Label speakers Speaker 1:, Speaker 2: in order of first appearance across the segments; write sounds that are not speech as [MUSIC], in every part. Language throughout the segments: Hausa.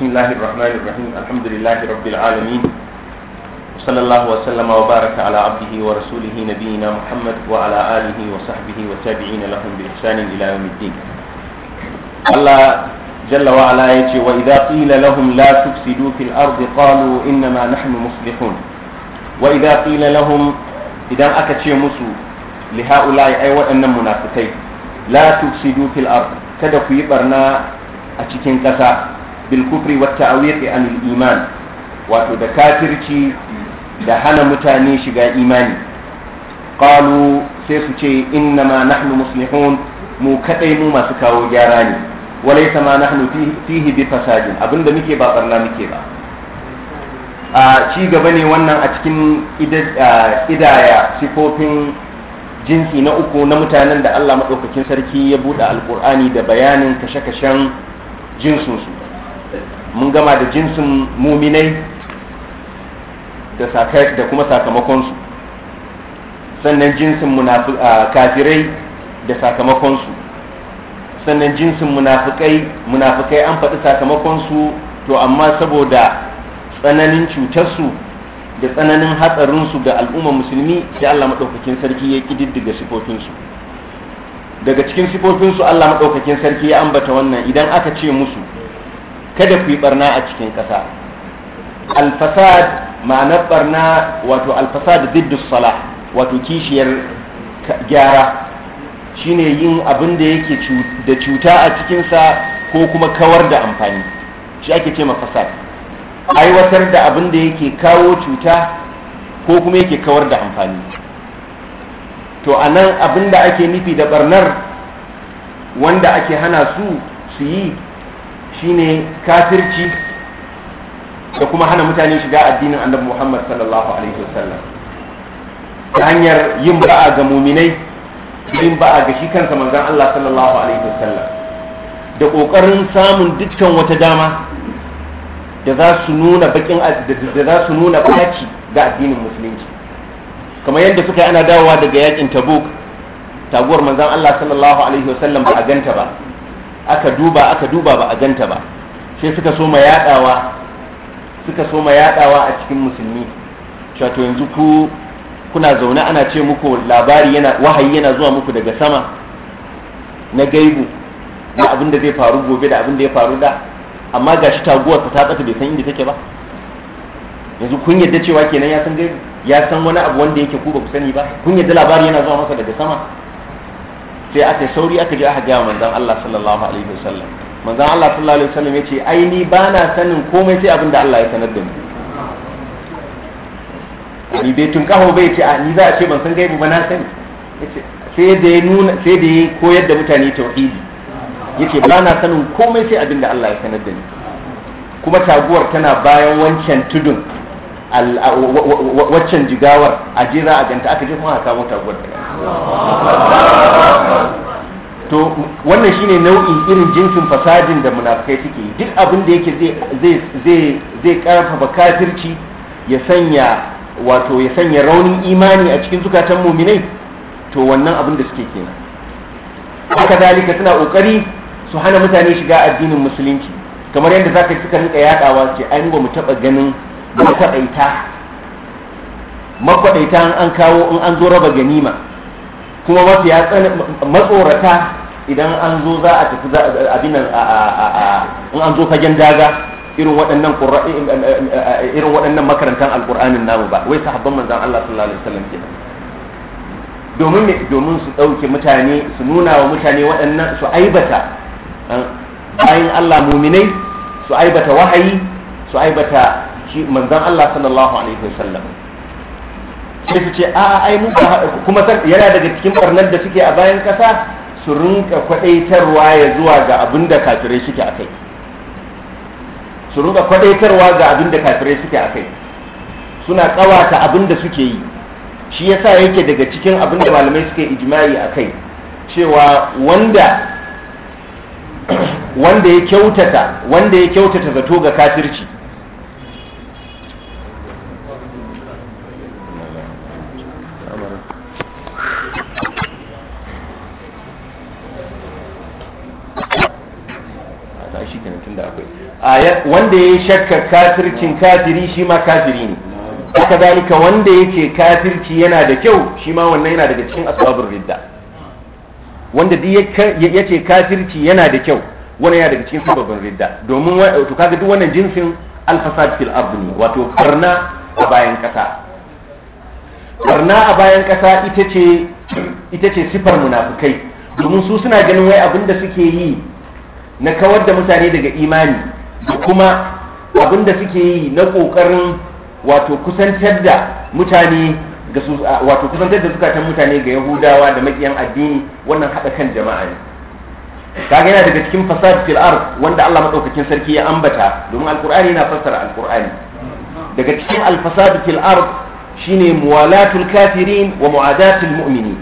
Speaker 1: بسم الله الرحمن الرحيم الحمد لله رب العالمين وصلى الله وسلم وبارك على عبده ورسوله نبينا محمد وعلى آله وصحبه والتابعين لهم بإحسان إلى يوم الدين الله جل وعلا يتي وإذا قيل لهم لا تفسدوا في الأرض قالوا إنما نحن مصلحون وإذا قيل لهم إذا أكتشي مسو لهؤلاء أي وأن منافقين لا تفسدوا في الأرض كدكوا يبرنا أتكين كثا bil kufri wat ta'wiq an iman wato da kafirci da hana mutane shiga imani qalu sai su ce inna ma nahnu muslihun mu kadai mu masu kawo gyara ne walaysa ma nahnu fihi bi fasadin abinda muke ba barna muke ba a ci gaba ne wannan a cikin idaya sifofin jinsi na uku na mutanen da Allah maɗaukakin sarki ya buɗe alkur'ani da bayanin kashe-kashen jinsinsu mun gama da jinsin muminai da kuma sakamakonsu sannan jinsin kafirai da sakamakonsu sannan jinsin munafukai munafukai an faɗi sakamakonsu to amma saboda tsananin cutarsu da tsananin hatsarinsu ga al'ummar musulmi sai Allah maɗaukakin sarki ya ƙididdiga sifofinsu daga cikin sifofinsu Allah maɗaukakin sarki ya ambata wannan idan aka ce musu kada ku yi barna a cikin ƙasa alfasad ma'anar barna wato alfasad diddu salah wato kishiyar gyara shine yin abin da yake da cuta a cikinsa ko kuma kawar da amfani shi ake ce fasad aiwatar da abin da yake kawo cuta ko kuma yake kawar da amfani to a nan abin da ake nufi da barnar wanda ake hana su su yi shine kafirci da kuma hana mutane shiga addinin annabi Muhammad sallallahu alaihi wasallam ta hanyar yin ba'a ga muminai yin ba'a ga shi kansa manzon Allah sallallahu alaihi wasallam da kokarin samun dukkan wata dama da za su nuna bakin da za su nuna baki ga addinin musulunci kamar yadda suka yi ana dawowa daga yakin Tabuk taguwar manzon Allah sallallahu alaihi wasallam ba a ganta ba aka duba aka duba ba a ganta ba sai suka so ma yadawa suka so ma yadawa a cikin musulmi cewa to yanzu ku kuna zaune ana ce muku labari yana wahayi yana zuwa muku daga sama na gaibu na abin da zai faru gobe da abin da ya faru da amma gashi taguwar ta tsaka bai san inda take ba yanzu kun yadda cewa kenan ya san gaibu ya san wani abu wanda yake ku ba ku sani ba kun yadda labari yana zuwa masa daga sama sai aka sauri aka je aka gaya manzan Allah sallallahu alaihi wasallam manzon Allah sallallahu alaihi wasallam yace ai ni ba na sanin komai sai abin da Allah ya sanar da ni ni bai tun kaho bai ce a ni za a ce ban san gaibu ba na sani yace sai da ya nuna sai da ya koyar da mutane tauhidi yace ba na sanin komai sai abin da Allah ya sanar da ni kuma taguwar tana bayan wancan tudun waccan jigawar a jira a ganta aka je kuma a kama taguwar to wannan shine nau'in irin jinsin fasadin da munafikai suke duk abin da yake zai karfafa kafirci ya sanya wato ya sanya raunin imani a cikin zukatan muminai to wannan abin da suke kenan haka dalika suna kokari su hana mutane shiga addinin musulunci kamar yadda zaka suka rinka yadawa ce ai ba mu taba ganin makwaɗaita makwaɗaita an kawo in an zo raba ganima kuma mafiya matsorata idan an zo za a tafi abin in an zo fagen daga irin waɗannan eh, eh, eh, irin waɗannan makarantar alƙur'anin namu ba wai sahabban manzon Allah sallallahu alaihi wasallam kenan domin ne domin su ɗauke mutane su nuna wa mutane waɗannan su aibata bayan Allah muminai su aibata wahayi su aibata shi manzon Allah sallallahu alaihi wasallam sai su ce a ai mu kuma yana daga cikin barnar da suke a bayan kasa su rinka kwadaitarwa ya zuwa ga abin da kafirai suke kai su rinka kwadaitarwa ga abin da kafirai suke kai suna kawata abin da suke yi shi yasa yake daga cikin abin da malamai suke ijimai kai cewa wanda wanda ya kyautata wanda ya kyautata zato ga kafirci wanda ya shakka kafircin kafiri shi ma kafiri ne haka zalika wanda yake kafirci yana da kyau shi ma wannan yana daga cikin asbabur ridda wanda duk ya ce kafirci yana da kyau wannan yana daga cikin sababin ridda domin to kaga duk wannan jinsin alfasad fil ardi ne wato barna a bayan kasa barna a bayan kasa ita ce ita ce sifar munafikai domin su suna ganin wai abin da suke yi na kawar da mutane daga imani da kuma abin da suke yi na ƙoƙarin wato kusantar da mutane ga su wato kusantar da zukatan mutane ga yahudawa da makiyan addini wannan haɗa kan jama'a ne kaga yana daga cikin fasad fil ard wanda Allah madaukakin sarki ya ambata domin alqur'ani yana fassara alqur'ani daga cikin alfasad fil ard shine muwalatul kafirin wa mu'adatul mu'minin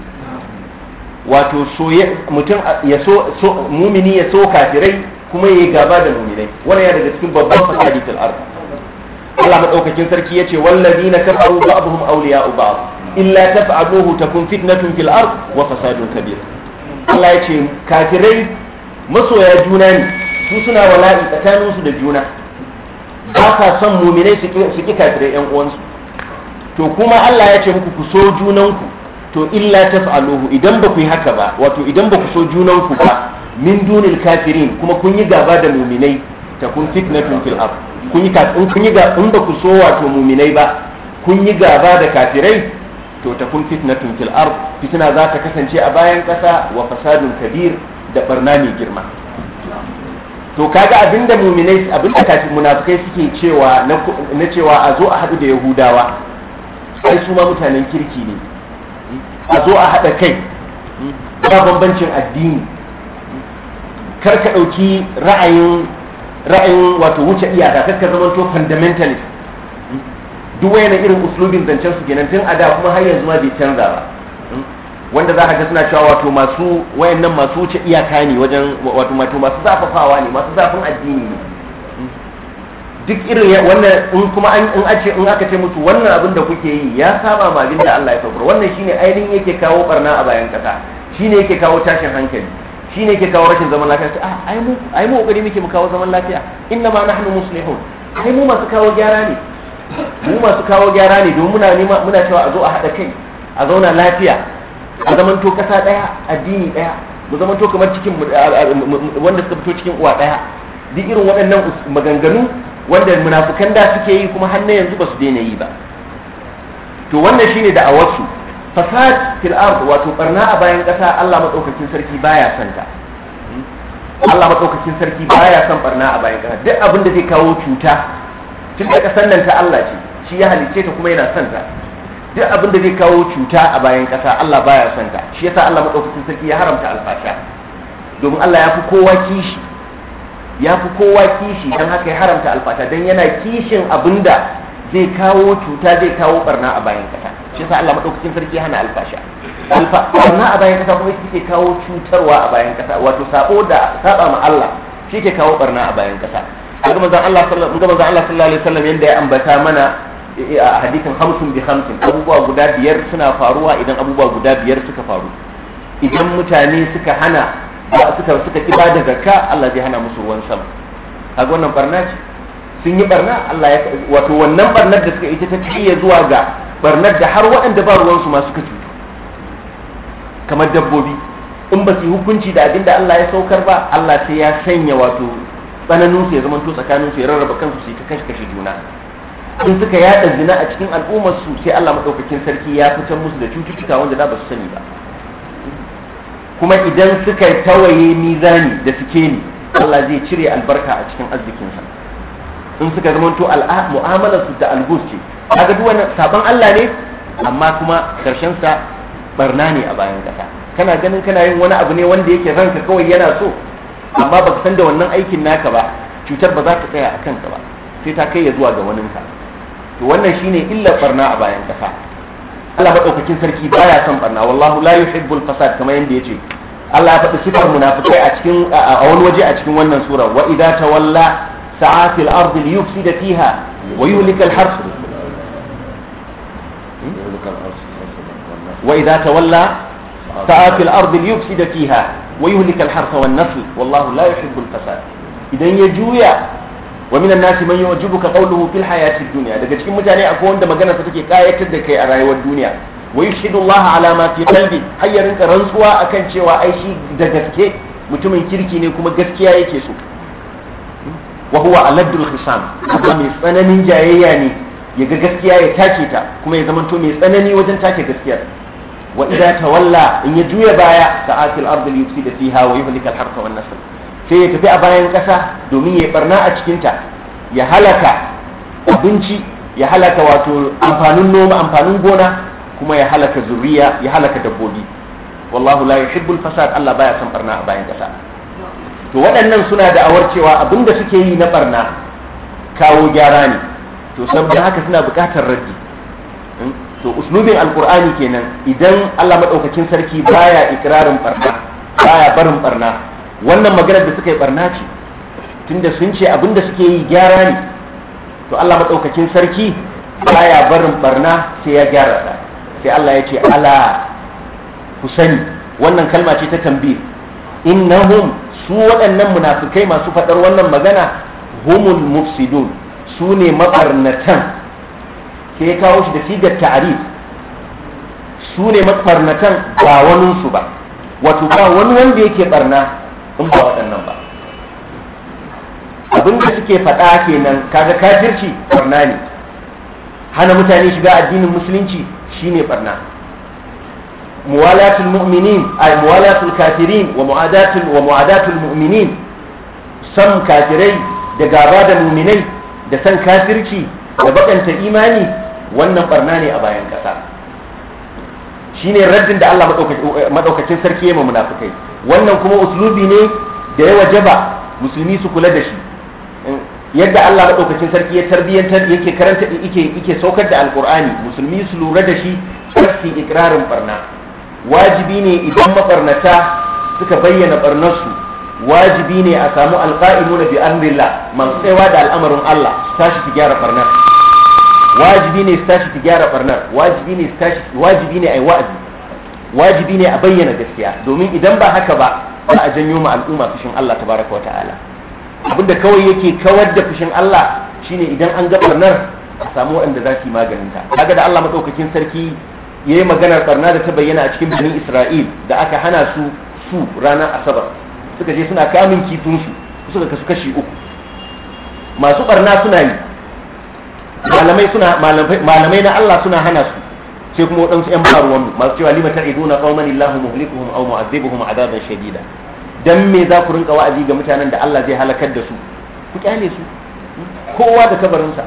Speaker 1: wato so mutum ya so mumini ya so kafirai kuma yayi gaba da mu'minai wannan ya daga cikin babban fasadi fil ard Allah madaukakin sarki yace wallazina kafaru ba'dhum awliya'u ba'd illa taf'aluhu takun fitnatun fil ard wa fasadun kabir Allah yace kafirai masoya juna ne su suna wala'i tsakaninsu da juna ba sa son mu'minai su ki kafirai yan uwansu to kuma Allah ya ce muku ku so junanku to illa taf'aluhu idan ba ku yi haka ba wato idan ba ku so junanku ba min dunil kafirin kuma kun yi gaba da muminai ta kun fitnatun fil ab kun yi kafin kun yi in ba ku so wato muminai ba kun yi gaba da kafirai to ta kun fitnatun fil ab fitna za ta kasance a bayan kasa wa fasadun kabir da barna mai girma to kaga abinda muminai abinda kafin munafikai suke cewa na cewa a zo a hadu da yahudawa sai su ma mutanen kirki ne a zo a haɗa kai ba bambancin addini kar ka ɗauki ra'ayin ra'ayin wato wuce iyaka kar ka to fundamentalist duk wani irin uslubin zancen su kenan tun a da kuma har yanzu ma bai canza ba wanda za ka ga suna cewa wato masu wayannan masu wuce iyaka ne wajen wato masu zafafawa ne masu zafin addini ne duk irin wannan in kuma an in ace in aka ce musu wannan abin da kuke yi ya saba ma abin da Allah ya faɗa wannan shine ainihin yake kawo barna a bayan kasa shine yake kawo tashin hankali shi ne ke kawo rashin zaman lafiya sai ah, ai mu kokari muke mu kawo zaman lafiya inna ma nahnu muslihun ai mu masu kawo gyara ne mu masu kawo gyara ne domin muna nema muna cewa a zo a haɗa kai a zauna lafiya a zamanto kasa ɗaya addini ɗaya mu zamanto kamar cikin wanda suka fito cikin uwa ɗaya duk irin waɗannan maganganu wanda munafukan da suke yi kuma har na yanzu ba su daina yi ba to wannan shine da a wasu fasad fil ard wato barna a bayan kasa Allah madaukakin sarki baya son ta Allah madaukakin sarki baya son barna a bayan kasa duk abin da zai kawo cuta tun da kasan nan ta Allah ce shi ya halice ta kuma yana son ta duk abin da zai kawo cuta a bayan kasa Allah baya son ta shi yasa Allah madaukakin sarki ya haramta alfasha domin Allah ya fi kowa kishi ya fi kowa kishi don haka ya haramta alfasha don yana kishin abinda zai kawo cuta zai kawo barna a bayan kasa shi sa Allah madaukakin sarki hana alfasha alfa barna a bayan kasa kuma shi kawo cutarwa a bayan kasa wato sabo da saba ma Allah shi ke kawo barna a bayan kasa ga manzon Allah sallallahu alaihi wasallam yanda ya ambata mana eh, eh, a hadisin hamsin bi hamsin abubuwa guda biyar suna faruwa idan abubuwa guda biyar suka faru idan mutane suka hana suka suka ki bada zakka Allah zai hana musu ruwan sama kaga wannan barna ce sun yi barna Allah ya wato wannan barnar da suka ita ta iya zuwa ga barnar da har waɗanda ba ruwansu ma suka cutu kamar dabbobi in ba su hukunci da abin da Allah ya saukar ba Allah sai ya sanya wato tsananin su ya zama to tsakanin su ya rarraba kansu su yi kashe kashe juna in suka yaɗa zina a cikin al'ummar su sai Allah madaukakin sarki ya fitar musu da cututtuka wanda da ba su sani ba kuma idan suka tawaye mizani da suke ni Allah zai cire albarka a cikin arzikinsa in suka zama to mu'amalar su da algus ce kaga duk sabon Allah ne amma kuma karshen sa barna ne a bayan kasa kana ganin kana yin wani abu ne wanda yake ranka kawai yana so amma baka san da wannan aikin naka ba cutar ba za ta tsaya a kanka ba sai ta kai ya zuwa ga ka. to wannan shine illar barna a bayan kasa Allah madaukakin sarki baya son barna wallahu la yuhibbul fasad kamar yanda yace Allah ya faɗi sifar munafikai a cikin a wani waje a cikin wannan sura wa idza tawalla سعى في الأرض ليفسد فيها ويهلك الحرث وإذا تولى سعى في الأرض ليفسد فيها ويهلك الحرث والنسل والله لا يحب الفساد إذا يجويا ومن الناس من يعجبك قوله في الحياة الدنيا daga cikin mutane a wanda magana ta take kayyatar da kai a rayuwar duniya wa yashhadu Allah ala ma fi qalbi har ya rinka rantsuwa akan cewa ai da gaske mutumin kirki ne kuma gaskiya yake so wa huwa aladdul khisam amma mai tsananin jayayya ne ya ga gaskiya ya tace ta kuma ya zamanto mai tsanani wajen tace gaskiyar wa idza tawalla in ya juya baya ka atil ardil yufsida fiha wa yuhlikal harfa wan nasl sai ya tafi a bayan kasa domin ya barna a cikin ta ya halaka abinci ya halaka wato amfanin noma amfanin gona kuma ya halaka zuriya ya halaka dabbobi wallahu la yuhibbul fasad Allah baya son barna a bayan kasa to waɗannan suna da awar cewa abinda suke yi na barna kawo gyara ne to saboda haka suna buƙatar raji hmm? to uslubin alkur'ani kenan idan Allah madaukakin sarki baya ikrarin barna baya barin barna wannan maganar da suka yi barna ce tunda sun ce abinda suke yi gyara ne to Allah madaukakin sarki baya barin barna sai ya gyara sai Allah ya ce ala ku sani wannan kalma ce ta tambiyar innahum su waɗannan munafikai masu faɗar wannan magana humul mufsidun su ne mabarnatan ke kawo shi da sigar ta'arif su ne mabarnatan ba waninsu ba wato ba wani wanda yake barna in ba waɗannan ba abin da suke faɗa kenan kaga kafirci barna ne hana mutane shiga addinin musulunci shine barna muwalatul mu'minin ay muwalatul kafirin wa mu'adatul wa mu'adatul mu'minin san kafirai da gaba da mu'minai da san kafirci da bakanta imani wannan barna ne a bayan kasa shine raddin da Allah madaukakin sarki ya munafikai wannan kuma uslubi ne da ya wajaba musulmi su kula da shi yadda Allah madaukakin sarki ya tarbiyantar yake karanta yake yake saukar da alqur'ani musulmi su lura da shi su ikrarin barna wajibi ne idan mabarnata suka bayyana barnarsu wajibi ne a samu alqa'imuna bi amrillah man tsayawa da al'amarin Allah su tashi su gyara barnar wajibi ne su tashi su gyara barnar wajibi ne wajibi ne ai wa'azi wajibi ne a bayyana gaskiya domin idan ba haka ba ba a janyo ma al'umma fushin Allah tabaraka wa ta'ala abinda kawai yake kawar da fushin Allah shine idan an ga barnar a samu waɗanda za su yi maganinta kaga da Allah madaukakin sarki yi maganar barna da ta bayyana a cikin bani Isra'il da aka hana su su ranar Asabar suka je suna kamun kifin su suka kasu kashi uku masu barna suna yi malamai suna malamai na Allah suna hana su sai kuma waɗansu ƴan baruwan masu cewa lima ta iduna qauman illahu muhlikuhum aw mu'adhibuhum adaban shadida dan me za ku rinka wa'azi ga mutanen da Allah zai halakar da su ku kyale su kowa da kabarinsa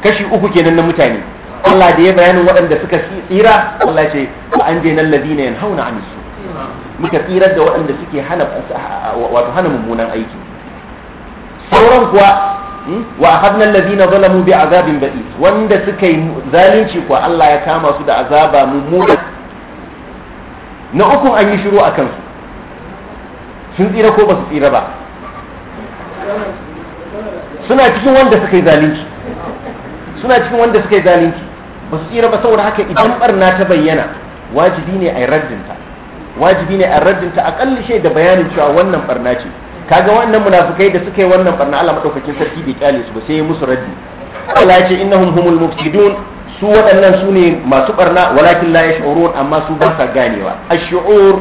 Speaker 1: kashi uku kenan na mutane Allah da ya bayanin waɗanda suka tsira Allah ce wa an je nan ladina yanhauna an su muka tsira da waɗanda suke hana wato hana mummunan aiki sauran kuwa hmm, wa akhadna alladhina zalamu bi azabin ba'is wanda suka yi zalunci kuwa Allah ya kama su da azaba mummuna na uku an yi shiru akan su sun tsira ko ba su tsira ba
Speaker 2: suna cikin wanda suka yi zalunci
Speaker 1: suna cikin wanda suka yi zalunci ba su tsira ba saboda haka idan barna ta bayyana wajibi ne a yi raddinta wajibi ne a raddinta akalli shi da bayanin cewa wannan barna ce kaga wannan munafukai da suka yi wannan barna Allah madaukakin sarki bai kyale su ba sai ya musu raddi Allah ya ce innahum humul mufsidun su waɗannan su ne masu barna walakin la yash'urun amma su ba sa ganewa ash'ur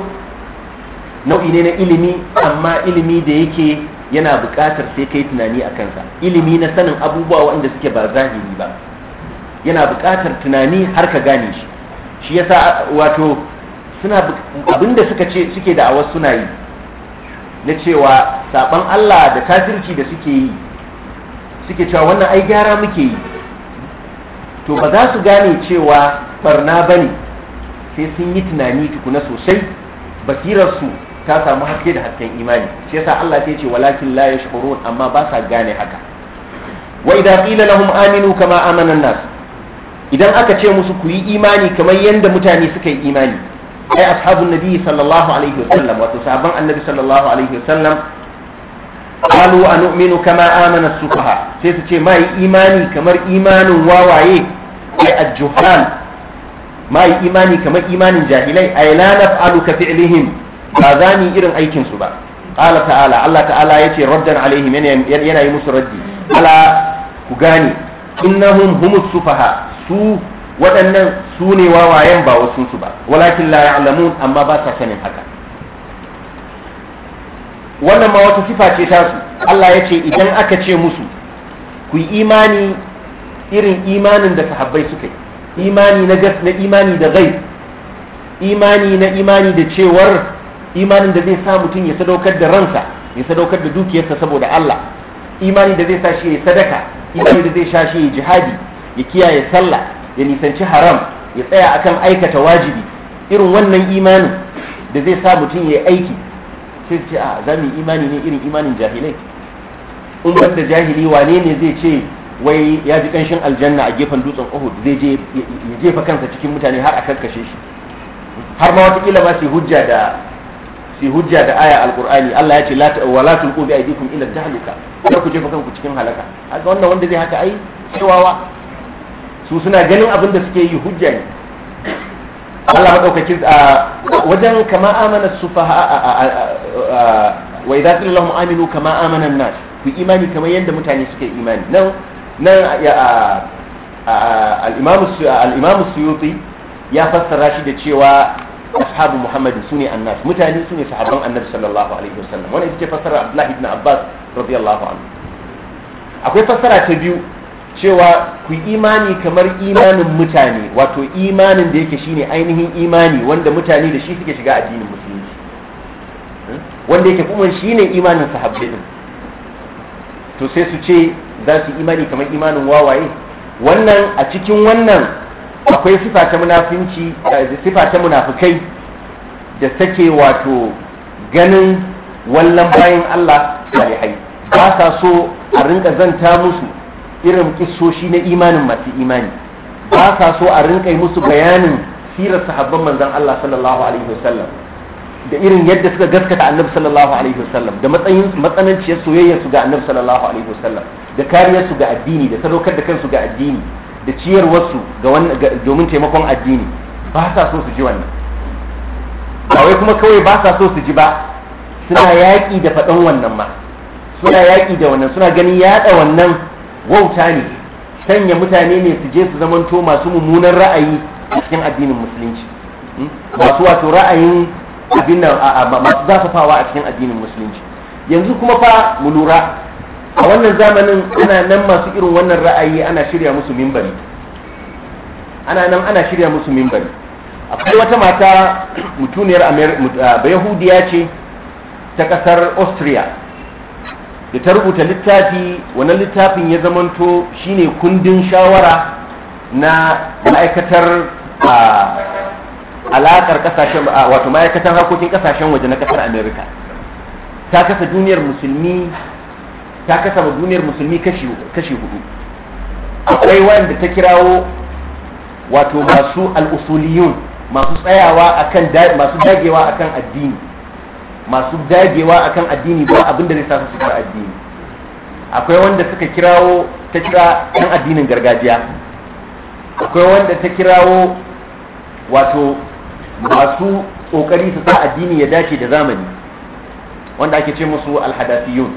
Speaker 1: nau'i ne na ilimi amma ilimi da yake yana buƙatar sai kai tunani a kansa ilimi na sanin abubuwa waɗanda suke ba zahiri ba yana buƙatar tunani har ka gane shi shi yasa wato suna abinda suka ce suke da awas suna yi na cewa saban Allah da tasirci da suke yi suke cewa wannan ai gyara muke yi to ba za su gane cewa barna bane sai sun yi tunani tukuna sosai basirarsu ta samu haske da hasken imani shi yasa Allah ya ce walakin la yashkurun amma ba sa gane haka wa idza qila lahum aminu kama amana nas idan aka ce musu ku yi imani kamar yadda mutane suka yi imani ai ashabun nabi sallallahu alaihi wasallam wato sahabban annabi sallallahu alaihi wasallam qalu anu'minu kama amana as-sufaha sai su ce ma yi imani kamar imanin wawaye ai ajjuhal ma yi imani kamar imanin jahilai ai la naf'alu ka fi'lihim ba za ni irin aikin su ba qala ta'ala Allah ta'ala yace raddan alaihim yana yi musu raddi ala ku gane innahum humus sufaha su waɗannan su ne wawayen ba wasu su ba walakin la ya'lamun amma ba sa sanin haka wannan ma wata sifa ce ta su Allah ya ce idan aka ce musu ku yi imani irin imanin da sahabbai suka yi imani na gas na imani da gai imani na imani da cewar imanin da zai sa mutum ya sadaukar da ransa ya sadaukar da dukiyarsa saboda Allah imani da zai sa shi ya sadaka imani da zai sa shi ya jihadi ya kiyaye sallah ya nisanci haram ya tsaya akan aikata wajibi irin wannan imanin da zai sa mutum ya aiki sai ce a ah, za mu imani ne irin imanin jahilai in da jahili wane ne zai ce wai ya ji kanshin aljanna a gefen dutsen uhud zai je ya jefa kansa cikin mutane har a karkashe shi har ma watakila ma su hujja da su hujja da aya alqur'ani Allah ya ce la wala tulqu bi aydikum ila jahlika ku jefa kanku cikin halaka haka wannan wanda zai haka ai cewa su suna ganin abin da suke yi hujja ne
Speaker 3: Allah madaukakin
Speaker 1: wajen kama amana sufaha wa idza qila lahum aminu kama amana an-nas ku imani kamar yadda mutane suke imani nan nan al-imam al-imam suyuti ya fassara shi da cewa ashabu muhammad sune annas mutane sune sahabban annabi sallallahu alaihi wasallam wannan ita ce fassara abdullah ibn abbas radiyallahu anhu akwai fassara ta biyu cewa ku imani kamar imanin mutane wato imanin da yake shine ainihin imani wanda mutane da shi suke shiga addinin musulunci hmm? wanda yake kuma shine imanin sahabbai din to sai su ce za su imani kamar imanin wawaye wannan a cikin wannan akwai sifa ta munafinci eh, sifa ta munafikai da take wato ganin wallan bayan Allah salihai ba sa so a rinka zanta musu irin kisoshi na imanin masu imani ba sa so a rinkai musu bayanin sirar sahabban manzan Allah sallallahu alaihi wasallam da irin yadda suka gaskata annabi sallallahu alaihi wasallam da matsayin matsananciyar soyayyar su ga annabi sallallahu alaihi wasallam da kariyar su ga addini da sadaukar da kansu ga addini da ciyarwar su ga wannan domin taimakon addini ba sa so su ji wannan ba wai kuma kawai ba sa so su ji ba suna yaƙi da faɗan wannan ma suna yaƙi da wannan suna ganin yaɗa wannan wauta ne sanya mutane ne su je su zamanto masu mummunan ra'ayi a cikin addinin musulunci hmm? masu wato ra'ayin abin nan masu zafafawa a cikin addinin musulunci yanzu kuma fa mu lura a wannan zamanin ana nan masu irin wannan ra'ayi ana shirya musu mimbari ana nan ana shirya musu mimbari akwai wata mata mutuniyar bayahudiya ce ta kasar austria da ta rubuta littafi wannan littafin ya zamanto shine kundin shawara na ma'aikatar alaƙar ƙasashen wato ma'aikatar harkokin ƙasashen waje na ƙasar amerika ta kasa duniyar musulmi ta kasa duniyar musulmi kashi hudu akwai wanda ta kirawo wato masu al'usuliyun masu tsayawa akan masu dagewa akan addini masu dagewa akan addini ba abin da zai sa su shiga addini akwai wanda suka kirawo ta kira ɗan addinin gargajiya akwai wanda ta kirawo wato masu ƙoƙari su sa addini ya dace da zamani wanda ake ce musu alhadafiyun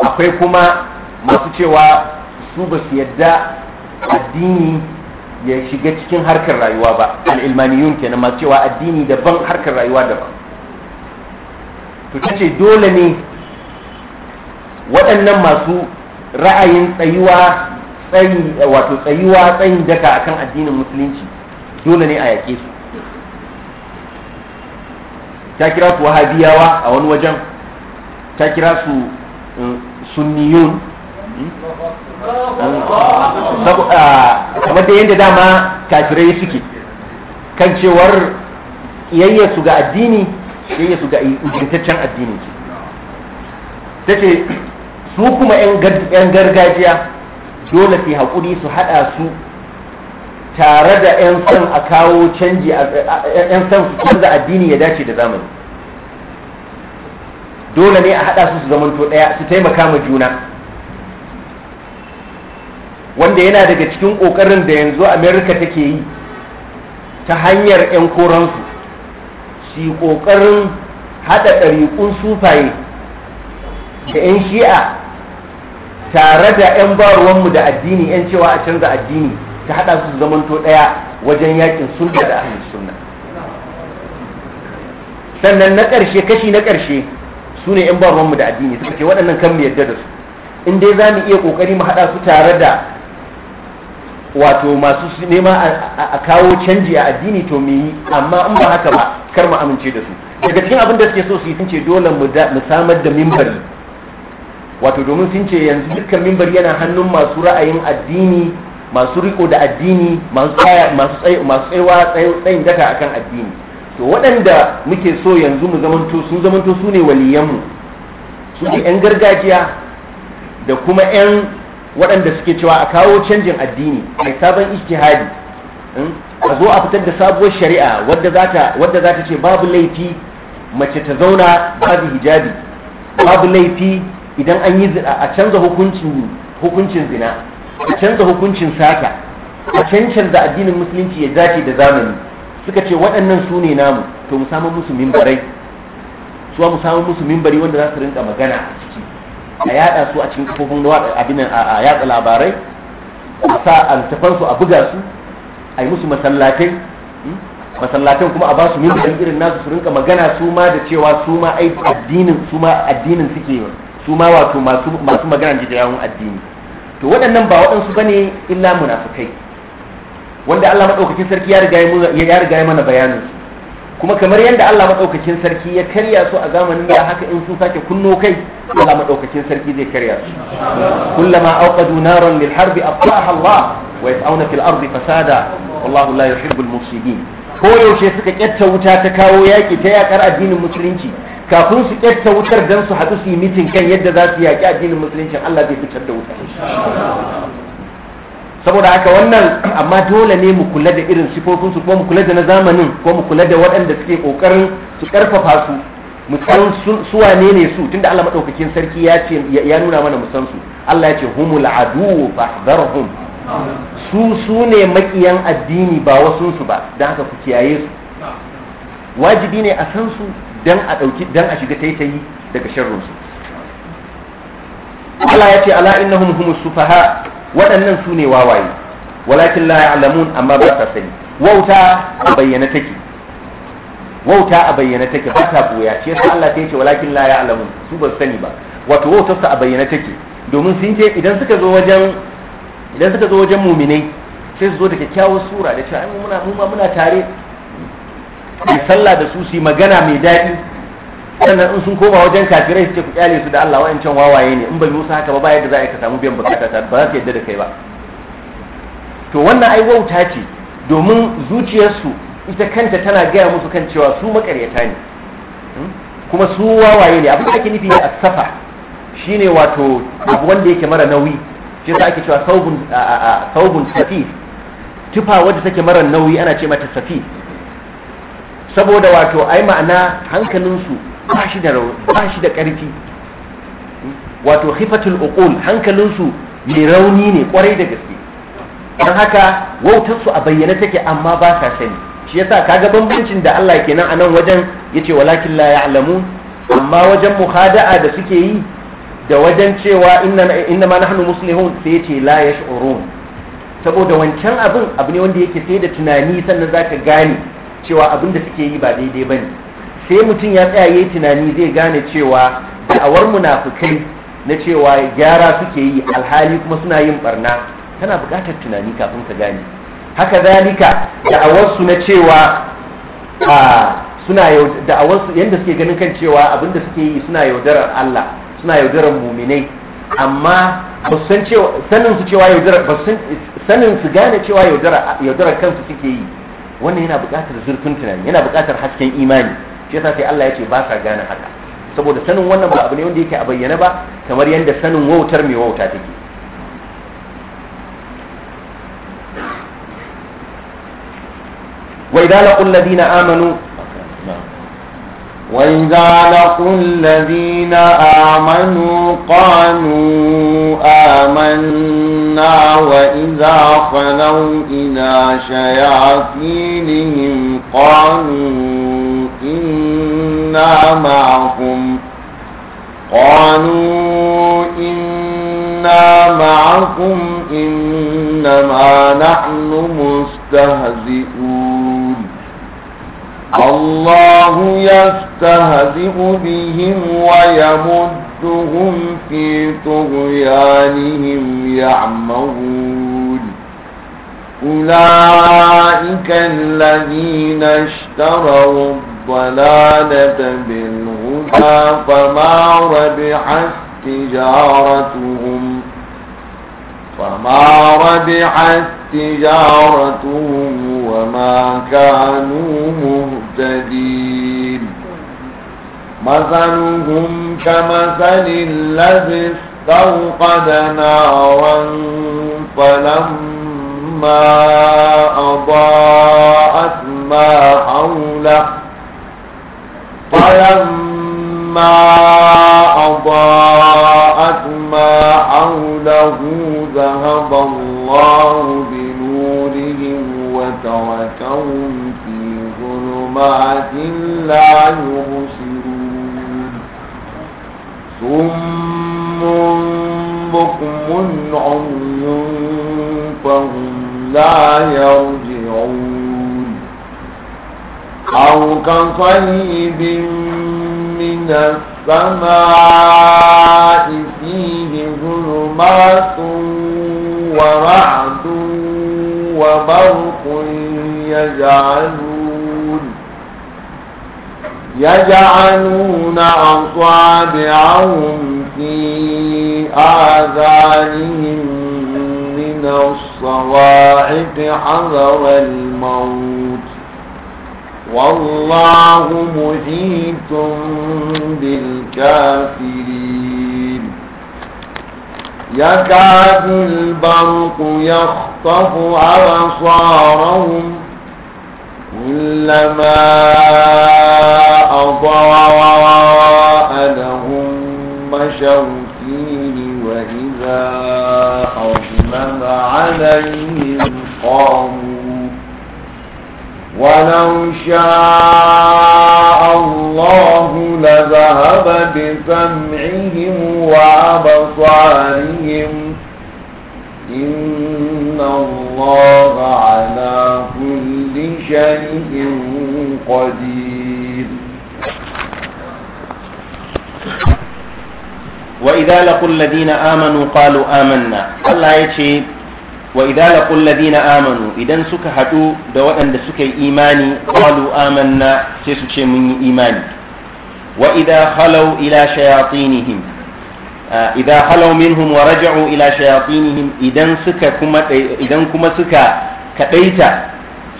Speaker 1: akwai kuma masu cewa su ba su yadda addini ya shiga cikin harkar rayuwa ba al'ilmaniyun kenan masu cewa addini daban harkar rayuwa daban to ta ce dole ne waɗannan masu ra'ayin tsayuwa tsayi wato tsayuwa tsayin daka akan addinin musulunci dole ne a yaƙe su ta kira su wahabiyawa a wani wajen ta kira su um, sunniyun hmm? um, ah, kamar da yadda dama kafirai suke kan cewar su ga addini kiyayya su ga ingantaccen addini ce ta ce su kuma 'yan gargajiya dole su haƙuri su haɗa su tare da 'yan son a kawo canji 'yan son su canza addini ya dace da zamani dole ne a haɗa su su zamanto ɗaya su taimaka ma juna wanda yana daga cikin ƙoƙarin da yanzu amerika take yi ta hanyar 'yan koransu su yi ƙoƙarin haɗa ɗariƙun sufaye da 'yan shi'a tare da 'yan baruwanmu da addini 'yan cewa a canza addini ta haɗa su zamanto ɗaya wajen yakin sunna da ahli sunna sannan na ƙarshe kashi na ƙarshe su ne 'yan baruwanmu da addini suka ce waɗannan kan mu yadda da su in dai za mu iya ƙoƙari mu haɗa su tare da wato masu nema a kawo canji a addini to me yi amma in ba haka ba kar mu amince da su daga cikin abin da suke so su yi sun ce dole mu samar da mimbari wato domin sun ce yanzu dukkan mimbari yana hannun masu ra'ayin addini masu riko da addini masu tsayawa tsayin daka akan addini to waɗanda muke so yanzu mu zamanto sun zamanto su ne waliyanmu su ne 'yan gargajiya da kuma 'yan waɗanda suke cewa a kawo canjin addini mai sabon ijtihadi hmm? a zo a fitar da sabuwar shari'a wadda za ta ce babu laifi mace ta zauna babu hijabi babu laifi idan an yi a canza hukuncin zina a canza hukuncin sata a cancanza addinin musulunci ya dace da zamani suka ce waɗannan su ne namu to mu samu musu mimbarai su mu samu musu mimbari wanda za su rinka magana a ciki a yada su a cikin kafofin abin a a yada labarai a sa altafansu a buga su a yi musu masallatai hmm? masallatan kuma a ba su mimbarin irin nasu su rinka magana su ma da cewa su ma addinin su ma addinin suke su ma wato masu magana da yawun addini to waɗannan ba waɗansu bane illa munafikai wanda Allah madaukakin sarki ya riga ya riga mana bayanin su kuma kamar yadda Allah maɗaukakin sarki ya karya su a zamanin da haka in su sake kunno kai Allah maɗaukakin sarki zai karya su kullama awqadu naran lil harbi aqlaha Allah wa yas'auna fil ardi fasada wallahu la yuhibbul mufsidin ko yaushe suka kyatta wuta ta kawo yaki ta yakar addinin musulunci kafin su kyatta wutar dan su haɗu su yi mitin kan yadda za su yaki addinin musulunci Allah zai fitar da wuta saboda haka wannan amma dole ne mu kula da irin sifofinsu ko mu kula da na zamanin ko mu kula da waɗanda suke kokarin su ƙarfafa su mu san su wane ne su tunda Allah madaukakin sarki ya ce ya nuna mana mu san su Allah ya ce humul adu fahdharhum su su ne makiyan addini ba wasu su ba dan haka ku kiyaye
Speaker 2: su
Speaker 1: wajibi ne a san su dan a dauki dan a shiga taitayi daga sharrin su Allah ya ce ala innahum humus sufaha waɗannan su ne wawaye walakin la ya'lamun amma ba ta sani wauta a bayyana take wauta a bayyana take ba ta buya shi sai Allah ta ce walakin la ya'lamun su ba sani ba wato wautar su a bayyana take domin sun ce idan suka zo wajen idan suka zo wajen muminai sai su zo da kyakkyawar sura da cewa mu muna mu ma muna tare ai sallah da su su magana mai daɗi wannan in sun koma wajen kafirai su ce ku kyale su da Allah wa'ancan wawaye ne in ba musa haka ba ba yadda za a yi ka samu biyan bukata ta ba za su yadda da kai ba to wannan ai wauta ce domin zuciyarsu ita kanta tana gaya musu kan cewa su makaryata ne hmm? kuma su wawaye ne abin da ake nufi a safa shine wato abu wanda yake mara nauyi shi yasa ake cewa saubun saubun tufa wadda take mara nauyi ana ce mata safi saboda wato ai ma'ana hankalinsu ba da ba ƙarfi wato khifatul uqul hankalinsu mai rauni ne kwarai da gaske don haka wautarsu a bayyane take amma ba sa sani shi yasa kaga bambancin da Allah kenan a nan wajen yace walakin la alamu amma wajen muhada'a da suke yi da wajen cewa inna ma nahnu muslihun sai yace la yash'urun saboda wancan abin abu ne wanda yake sai da tunani sannan zaka gane cewa abin da suke yi ba daidai bane sai mutum ya tsaya yayi tunani zai gane cewa da'awar munafikai na cewa gyara suke yi alhali kuma suna yin barna tana buƙatar tunani kafin ka gane haka zalika da'awar su na cewa a suna da'awar su yanda suke ganin kan cewa abinda suke yi suna yaudarar Allah suna yaudarar muminai amma san sanin su cewa yaudarar sanin su gane cewa yaudarar kansu suke yi wannan yana buƙatar zurfin tunani yana buƙatar hasken imani yasa sai Allah ya ce ba sa gane haka saboda sanin wannan ba abu ne wanda yake a bayyana ba kamar yadda sanin wautar mai wauta take wa idza laqul ladina amanu وإذا لقوا
Speaker 3: Amanu آمنوا Amanna آمنا وإذا خلوا إلى شياطينهم قالوا إنا معكم قالوا إنا معكم إنما نحن مستهزئون الله يستهزئ بهم ويمدهم في طغيانهم يعمرون أولئك الذين اشتروا الضلالة بالهدى فما ربحت تجارتهم فما ربحت تجارتهم وما كانوا مهتدين مثلهم كمثل الذي استوقد نارا فلما أضاءت ما حوله فلما أضاءت ما حوله ذهب الله بنورهم وتركهم في ظلمات لا يبصرون ثم بكم عمي فهم لا يرجعون أو كصيب من السماء فيه ظلمات ورعد وبرق يجعلون يجعلون أصابعهم في آذانهم من الصواعق حذر الموت والله محيط بالكافرين يكاد البرق يخطف أبصارهم كلما أضاء لهم مشوا فيه وإذا أظلم عليهم قاموا ولو شاء الله لذهب بسمعهم وأبصارهم إن الله على كل شيء
Speaker 1: قدير وإذا لقوا الذين آمنوا قالوا آمنا الله يتشيب wa idza laqul ladina amanu idan suka haɗu da waɗanda suka yi imani qalu amanna sai su ce mun yi imani wa idan halau ila shayatinihim idan halau minhum wa raja'u ila shayatinihim idan suka kuma idan kuma suka kaɗaita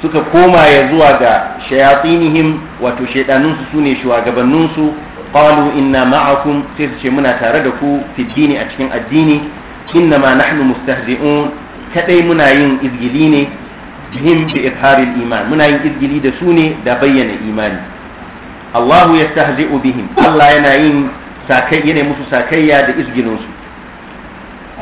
Speaker 1: suka koma ya zuwa ga shayatinihim wato shaidanun su sune shugabanninsu su qalu inna ma'akum sai su ce muna tare da ku fiddini a cikin addini innama ma nahnu mustahzi'un kadai muna yin izgili ne bihim bi itharil iman muna yin izgili da su ne da bayyana imani Allahu yastahzi'u bihim Allah yana yin sakai yana musu sakayya da izgilin su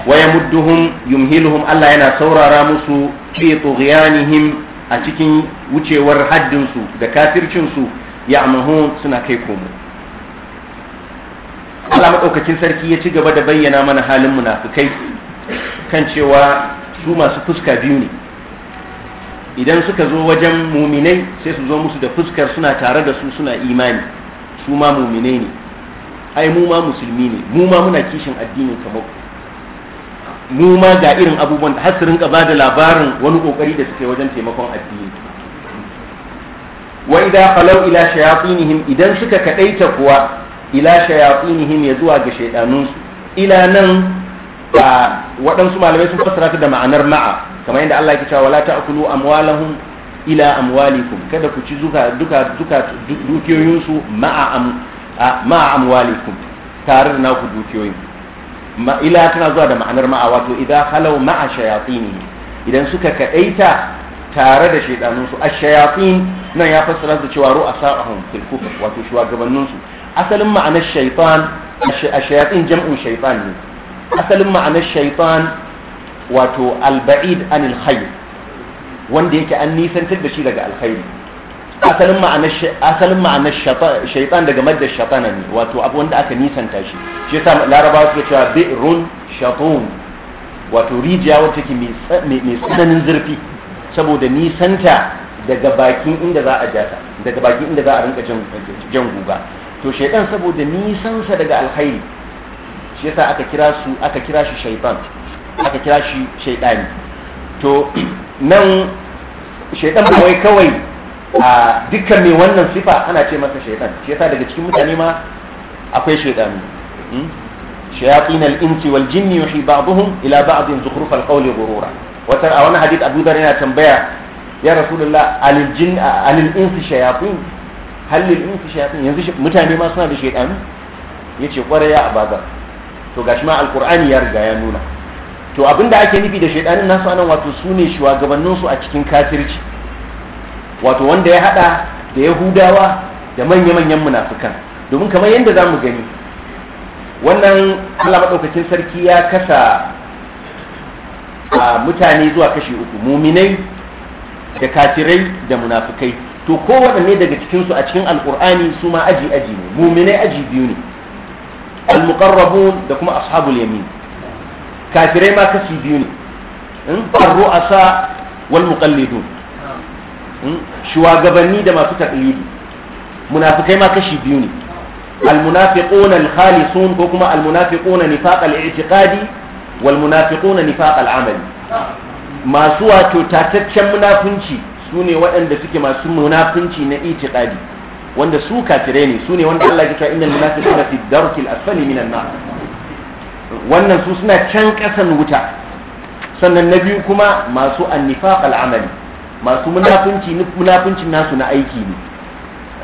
Speaker 1: wa yamudduhum yumhiluhum Allah yana saurara musu fi tughyanihim a cikin wucewar haddin su da kafircin su amahu suna kai komo Allah madaukakin sarki ya ci gaba da bayyana mana halin munafikai kan cewa su masu fuska biyu ne idan suka zo wajen muminai sai su zo musu da fuskar suna tare da su suna imani su ma muminai ne ai mu ma musulmi ne mu ma muna kishin addini kamar mu ma ga irin abubuwan da har su rinka bada labarin wani kokari da suke wajen taimakon addini wa idza qalu ila shayatinihim idan suka kadaita kuwa ila shayatinihim ya zuwa ga shaydanunsu ila nan waɗansu malamai sun fassara ta da ma'anar ma'a kamar yadda Allah yake cewa wala ta'kulu amwalahum ila amwalikum kada ku ci zuka duka duka dukiyoyinsu ma'a am ma'a amwalikum tare da naku dukiyoyin ma ila tana zuwa da ma'anar ma'a wato idan halau ma'a shayatin idan suka kadaita tare da shaidanunsu ash-shayatin nan ya fassara da cewa ru'asa'uhum fil kufr wato su asalin ma'anar shaytan ash-shayatin jam'un shaytan ne asalin ma'anar shaitan wato alba'id an khair wanda yake an nisantar da shi daga alkhairi asalin ma'anar asalin ma'anar shaitan daga madda shaitana ne wato abu wanda aka nisanta shi shi yasa larabawa suke cewa bi'run shatun wato rijiya wacce take mai tsananin zurfi saboda nisanta daga bakin inda za a jata daga bakin inda za a rinka jan guga to shaitan saboda nisansa daga alkhairi shi yasa aka kira su aka kira shi shaitan aka kira shi shaidani to [CLEARS THROAT] nan shaitan ba wai kawai a dukkan mai wannan sifa ana ce masa shaitan shi yasa daga cikin mutane ma akwai shaidani hmm? shayatin al-insi wal jinni yuhi ba'dhum ila ba'dhin zukhruf al-qawli ghurura wata a wani hadith Abu Dharr yana tambaya ya Rasulullah alil jin alil insi shayatin halil insi shayatin yanzu mutane ma suna da shaidani yace kwarai a bazar to gashi ma alkur'ani ya riga ya nuna to abin da ake nufi da shaidanin nasu anan wato su ne shugabannin su a cikin kafirci wato wanda ya hada da yahudawa da manya-manyan munafikan domin kamar yadda za mu gani wannan allah maɗaukacin sarki ya kasa a mutane zuwa kashi uku muminai da kafirai da munafikai to kowaɗanne daga cikinsu a cikin alkur'ani su ma aji aji ne muminai aji biyu ne al da kuma ashabul yamin kafirai ma kashi biyu ne in hmm? ar-ru'asa wal muqallidun hmm? shugabanni da masu taqlidi munafikai ma kashi biyu ne al-munafiquna ko kuma al-munafiquna nifaq al-i'tiqadi wal amali masu wato tataccen munafunci sune waɗanda suke masu munafunci na itiqadi wanda su kafirai ne su ne wanda Allah ya ce inna munafiqina fi darkil asfali minan nar wannan su suna can kasan wuta sannan na biyu kuma masu annifaq al'amali masu munafunci munafuncin nasu na aiki ne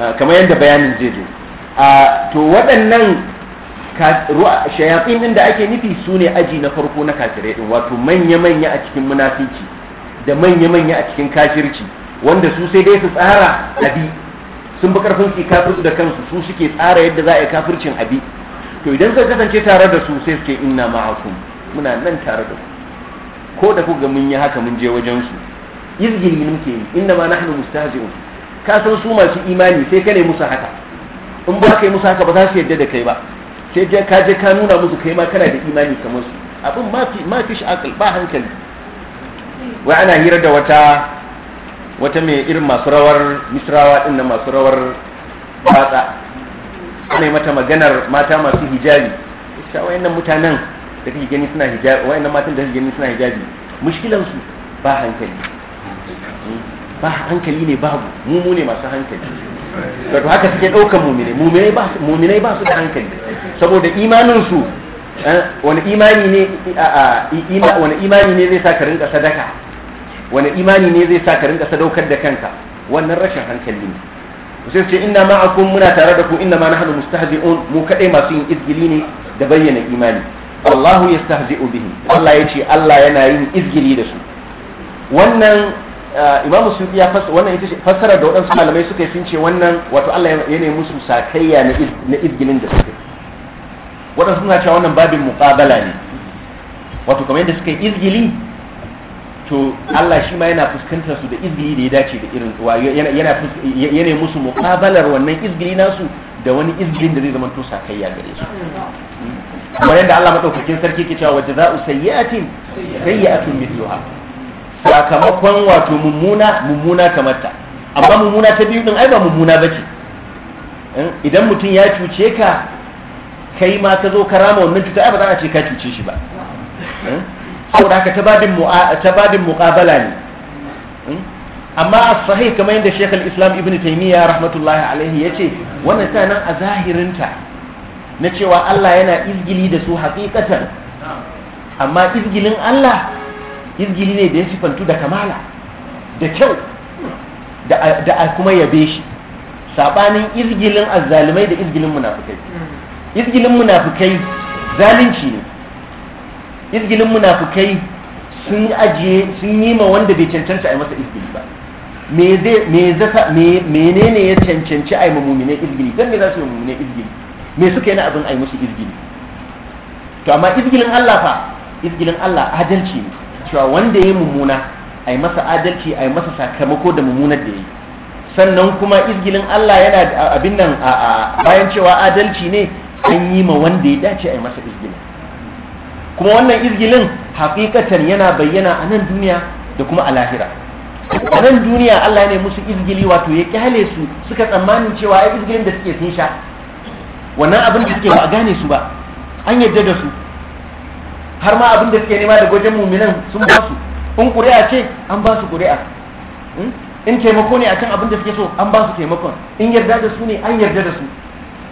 Speaker 1: ah, kamar yadda bayanin zai zo ah, to waɗannan shayafin din da ake nufi su ne aji na farko na kafirai din wato manya-manya a cikin munafici da manya-manya a cikin kafirci wanda su sai dai su tsara abi sun fi karfin su kafirci da kansu su suke tsara yadda za a yi kafircin abi to idan zai kasance tare da su sai suke inna ma'akum muna nan tare da ku ko da ku ga mun yi haka mun je wajen su izgili muke yi inna ma nahnu mustahzi'un ka san su masu imani sai ka ne musu haka in ba ka yi musu haka ba za su yadda da kai ba sai ka je ka nuna musu kai ma kana da imani kamar su abin ma fi ma fi ba hankali wai ana hira da wata wata mai irin masu rawar misrawa din na masu rawar batsa ana yi mata maganar mata masu hijabi ita wayannan mutanen da kake gani suna hijabi wayannan matan da kake gani suna hijabi mushkilan su ba hankali ba hankali ne babu mu mu ne masu hankali to haka suke daukan mumine mumine ba mumine ba su da hankali saboda imanin su eh, wani imani ne wani imani ne zai sa ka rinka sadaka wani imani ne zai sa ka rinka sadaukar da kanka wannan rashin hankali ne sai ce inna ma'akum muna tare da ku inna ma nahnu mustahzi'un mu kaɗai masu yin izgili ne da bayyana imani Allahu yastahzi'u bihi Allah yace Allah yana yin izgili da su wannan uh, Imam Suyuti ya fassara wannan ita fasara da wadansu malamai suka yi sun ce wannan wato Allah ya ne musu sakayya na izgilin da suke wadansu suna cewa wannan babin muqabala ne wato kamar yadda suka yi izgili to Allah shi ma yana fuskantar su da izgili da ya dace da irin wa yana yana musu muqabalar wannan izgili nasu da wani izgilin da zai zama to sakayya gare su kamar yadda Allah madaukakin sarki ke cewa za'u sayyi'atin sayyi'atun mithluha sakamakon wato mummuna mummuna kamar ta amma mummuna ta biyu din ai ba mummuna bace idan mutum ya cuce ka kai ma ka zo ka rama wannan cuta ai ba za a ce ka cuce shi ba saboda haka tabadin tabadin muqabala ne hmm? amma asahi sahih kamar yadda Sheikh al-Islam Ibn Taymiyyah rahmatullahi alaihi yace wannan tana nan a zahirinta na cewa Allah yana izgili da su haqiqatan amma izgilin Allah izgili ne da ya sifantu da kamala da kyau da a kuma yabe shi sabanin izgilin azzalimai da izgilin munafikai hmm. izgilin munafikai zalunci ne izgilin munafukai sun ajiye sun yi ma wanda bai cancanta a masa izgili ba menene ya cancanci a yi ma mumine izgili don me za su yi mumine izgili me suka yi na abin a yi musu izgili to amma izgilin Allah fa izgilin Allah adalci ne cewa wanda ya mumuna, mummuna a yi masa adalci a yi masa sakamako da mummunar da ya yi sannan kuma izgilin Allah yana abin nan bayan cewa adalci ne an yi ma wanda ya dace a yi masa izgilin kuma wannan izgilin hakikatan yana bayyana a nan duniya da kuma a lahira a nan duniya Allah ne musu izgili wato ya kyale su suka tsammanin cewa ya izgilin da suke sun sha wannan abin da suke ba a gane su ba an yadda da su har ma abin da suke nema da wajen muminan sun ba su in ƙuri'a ce an ba su ƙuri'a hmm? in taimako ne a kan abin da suke so an ba su taimakon in yarda da su ne an yarda da su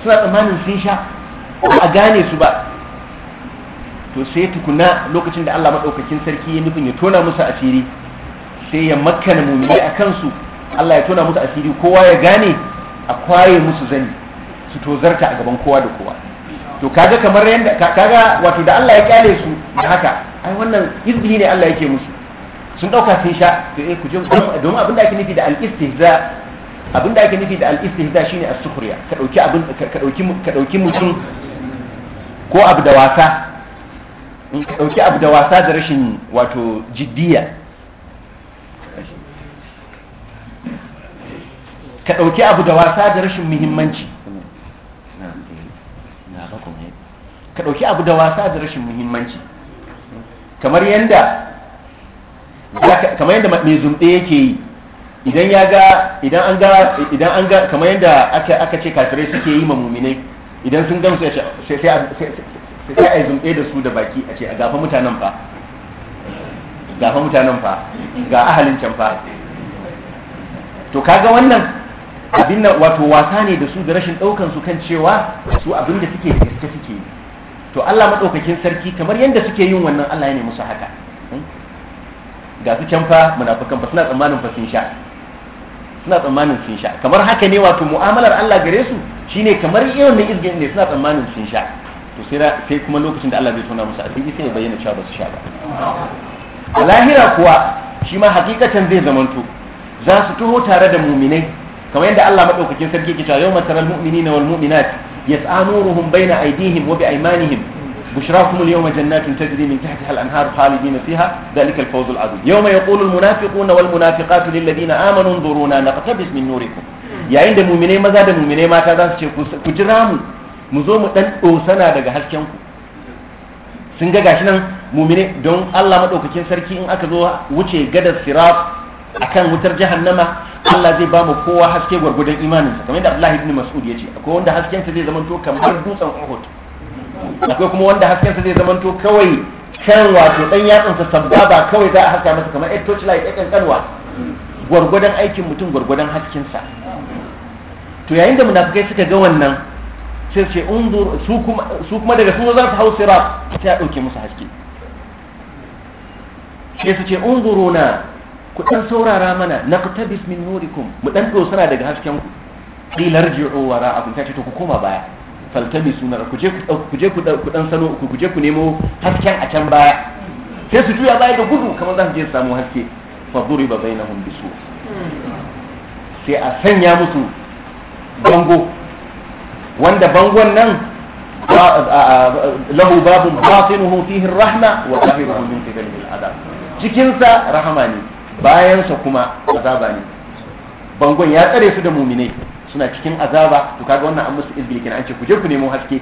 Speaker 1: suna tsammanin sun sha a gane su ba to sai tukuna lokacin da Allah maɗaukakin sarki ya nufin ya tona musu asiri sai ya makkana mummi a kansu Allah ya tona musu asiri kowa ya gane a kwaye musu zani su tozarta a gaban kowa da kowa to kaga kamar yadda kaga wato da Allah ya kyale su da haka ai wannan izini ne Allah yake musu sun dauka sun sha to eh ku je domin abinda ake nufi da al-istihza abinda ake nufi da al-istihza shine as-sukhriya ka dauki abin ka dauki ka dauki mutum ko abu da wasa ɗauki abu da wasa da rashin wato jiddiya ka ɗauki abu da wasa da rashin muhimmanci ka ɗauki abu da wasa da rashin muhimmanci kamar yadda kamar yadda mai zumɗe yake yi idan ya ga idan an ga idan an ga kamar yadda aka ce kafirai suke yi ma muminai idan sun gamsu ce sai a yi zumbe da su da baki a ce a gafa mutanen fa gafa mutanen fa ga ahalin can fa to kaga wannan abin nan wato wasa ne da su da rashin daukan su kan cewa su abin da suke gaske suke to Allah madaukakin sarki kamar yadda suke yin wannan Allah ya ne musu haka hmm? ga su can fa munafikan fa suna tsammanin fa sun sha suna tsammanin sun sha kamar haka ne wato mu'amalar Allah gare su shine kamar yawan na izgin ne suna tsammanin sun sha to sai kuma lokacin da Allah zai tona musu asiri sai ya bayyana cewa ba su sha ba a lahira kuwa shi ma hakikatan zai zamantu za su taho tare da muminai kamar yadda Allah madaukakin sarki yake cewa masarar taral mu'minina wal mu'minat yas'anuruhum bayna aydihim wa bi aymanihim bushrakum al yawma jannatin tajri min tahtiha al anhar khalidina fiha dhalika al fawz al azim yawma yaqulu al munafiquna wal munafiqatu lil ladina amanu nduruna naqtabis min yayin da muminai maza da muminai mata za su ce ku jira mu mu zo mu dan dosana daga hasken ku sun ga gashi nan mumine don Allah madaukakin sarki in aka zo wuce gadar sirat akan wutar jahannama Allah zai ba mu kowa haske imanin imaninsa kamar yadda Allah ibn Mas'ud yace akwai wanda haskensa zai zama to kamar dutsen Uhud akwai kuma wanda haskensa zai zama to kawai kan wato dan yatsansa sababa kawai za a haska masa kamar a light a kankanwa gurgudan aikin mutum haskin haskensa to yayin da munafikai suka ga wannan sai ce unzur su kuma daga sun za su hau sirat sai a ɗauke musu haske sai su ce na ku ɗan saurara mana na ku tabis min nurikum mu ɗan ɗosana daga hasken ku ƙilar ko wara abin ta ce to ku koma baya faltabi sunar ku je ku ɗan salo ku je ku nemo hasken a can baya sai su juya baya da gudu kamar za su je su samu haske fa bai na bisu sai a sanya musu bango wanda bangon nan lahu babu batinuhu fihi rahma wa zahiruhu min qibalihi al'adab cikin sa rahama ne bayan sa kuma azaba ne bangon ya tsare su da muminai suna cikin azaba to kaga wannan an musu izgili an ce ku je ku nemo haske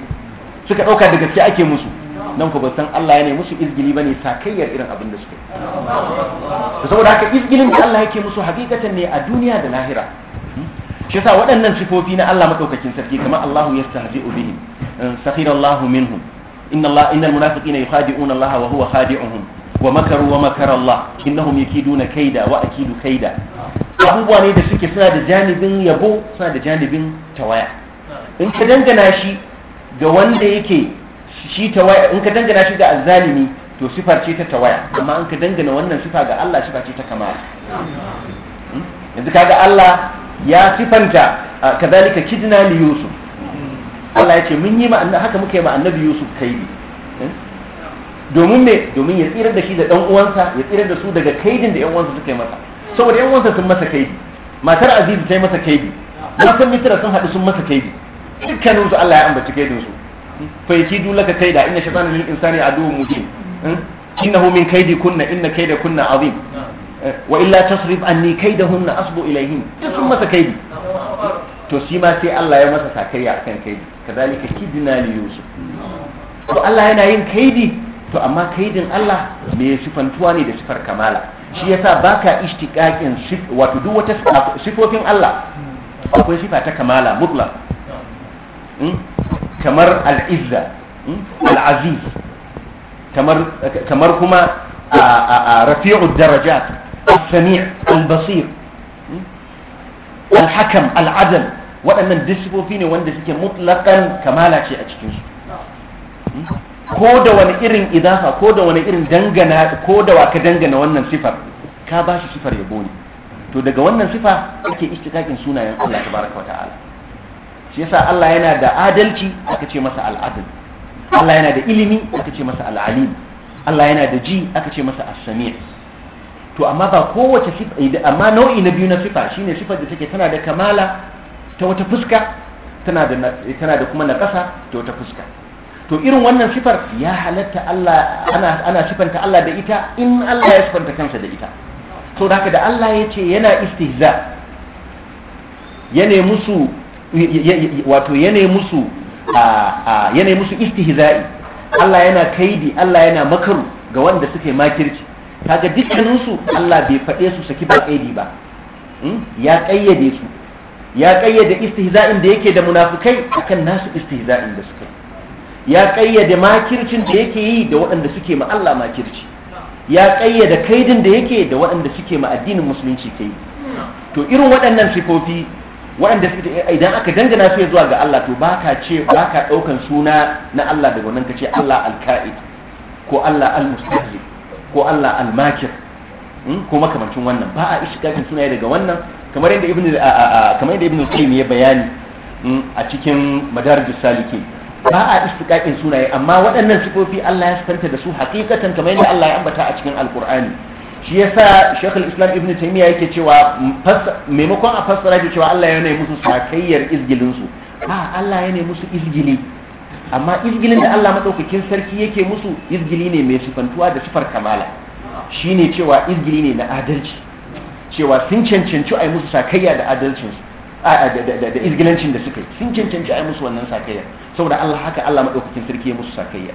Speaker 1: suka dauka da gaske ake musu nan ku san Allah ya ne musu izgili bane sakayyar irin abin da suke yi. saboda haka izgilin da Allah yake musu hakikatan ne a duniya da lahira shi yasa waɗannan sifofi na Allah madaukakin sarki kamar Allahu yastahzi'u bihim eh, sakhira Allahu minhum inna Allah innal munafiqina yukhadi'una Allah wa huwa khadi'uhum wa makaru wa makara Allah innahum yakiduna kaida wa akidu kaida abubuwa ne da suke suna da janibin yabo suna da janibin tawaya in ka dangana shi ga wanda yake shi tawaya in ka dangana shi ga azzalimi to sifar ce ta tawaya amma in ka dangana wannan sifa ga Allah sifa ce ta kamala hmm? yanzu kaga Allah ya sifanta kadhalika kidna li yusuf Allah ya ce mun yi ma'anna haka muka yi ma annabi yusuf kaidi eh? domin ne domin ya tsirar da shi da dan uwansa ya tsirar da su daga kaidin da yan uwansa suka yi masa saboda yan uwansa sun masa kaidi matar aziz ta yi masa kaidi matan mitra sun haɗu sun masa kaidi dukkanin su Allah ya ambaci kaidin su fa yakidu laka kaida inna shaytana lil insani aduwwun mubin eh? innahu min kaidi kunna inna kaida kunna azim wa illa tasrif anni kaidahunna asbu ilayhin duk sun masa kaidi to shi sai Allah ya masa sakayya akan kaidi kazalika kidna li yusuf to Allah yana yin kaidi to amma kaidin Allah me sifantuwa ne da sifar kamala shi yasa baka ishtiqaqin wato duk wata sifofin Allah akwai sifa ta kamala mutlaq hmm? kamar al-izza hmm? al kamar kamar kuma a rafi'ud darajat السميع البصير الحكم العدل waɗannan disifofi ne wanda suke mutlakan kamala ce a cikinsu ko da wani irin idafa ko da wani irin dangana ko da waka dangana wannan sifar ka ba shi sifar ya ne to daga wannan sifa ake istikakin sunayen Allah tabaraka wata'ala shi yasa Allah yana da adalci aka ce masa al'adil Allah yana da ilimi aka ce masa al'alim Allah yana da ji aka ce masa as-sami' to amma ba kowace sifa amma nau'i na biyu na sifa shine sifar da take tana da kamala ta wata fuska tana da tana da kuma naƙasa ta wata fuska to irin wannan sifar ya halatta Allah ana ana sifanta Allah da ita in Allah ya sifanta kansa da ita to da haka da Allah ya ce yana istihza ya ne musu wato ya ne musu ya ne musu istihza'i Allah yana kaidi Allah yana makaru ga wanda suke makirci kaga dukkaninsu Allah bai faɗe su saki ba kaidi ba hmm? ya kayyade su ya kayyade istihza'in da yake da munafikai akan nasu istihza'in da suka ya kayyade makircin da yake yi da waɗanda suke ma Allah makirci ya kayyade kaidin da yake da waɗanda suke ma addinin musulunci kai to irin waɗannan sifofi waɗanda idan aka dangana su zuwa ga Allah to baka ce baka ɗaukan suna na Allah daga wannan kace Allah al-ka'id ko Allah al-mustahzi ko Allah al-makir hmm, ko makamancin wannan ba a ishtiqaqin sunaye daga wannan kamar yadda ibn kamar yadda ibn qayyim ya bayani hmm, a cikin madarijus salikin ba a istiqaqin sunaye amma waɗannan sifofi Allah ya sanar da su hakikatan kamar yadda Allah ya ambata a cikin Al-Qur'ani shi yasa Sheikh al-Islam Ibn Taymiyyah yake cewa maimakon a fassara da cewa Allah ya ne musu sakayyar izgilin su Allah ya ne musu izgili amma izgilin da Allah madaukakin sarki yake musu izgili ne mai sifantuwa da sifar kamala shine cewa izgili ne na adalci cewa sun cancanci yi musu sakayya da adalcinsu da izgilancin da suka yi sun cancanci yi musu wannan sakayya saboda Allah haka Allah madaukakin sarki ya musu sakayya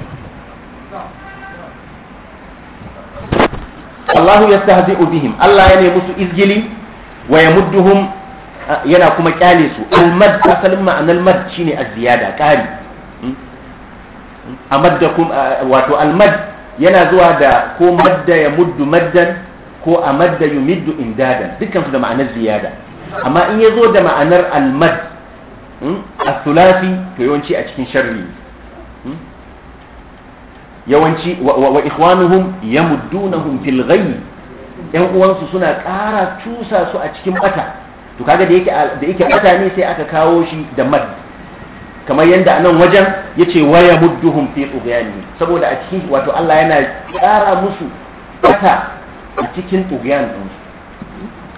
Speaker 1: Allahu yastahzi'u bihim Allah ya ne musu izgili wa yamudduhum yana kuma kyale su al-mad asalin ma'anar mad shine az-ziyada ƙari amaddakum wato almad yana zuwa da ko madda ya muddu maddan ko amadda yumiddu indadan dukkan su da ma'anar ziyada amma in ya zo da ma'anar almad hmm, a sulasi to yawanci a cikin sharri hmm? yawanci wa ikhwanuhum yamuddunahum fil ghayy yan uwansu suna ƙara cusa su a cikin bata to kaga da yake da yake bata ne sai aka kawo shi da madda kamar yadda a nan wajen ya ce waya mudduhum fi tsugyani saboda a cikin wato Allah yana kara musu kata a cikin tsugyan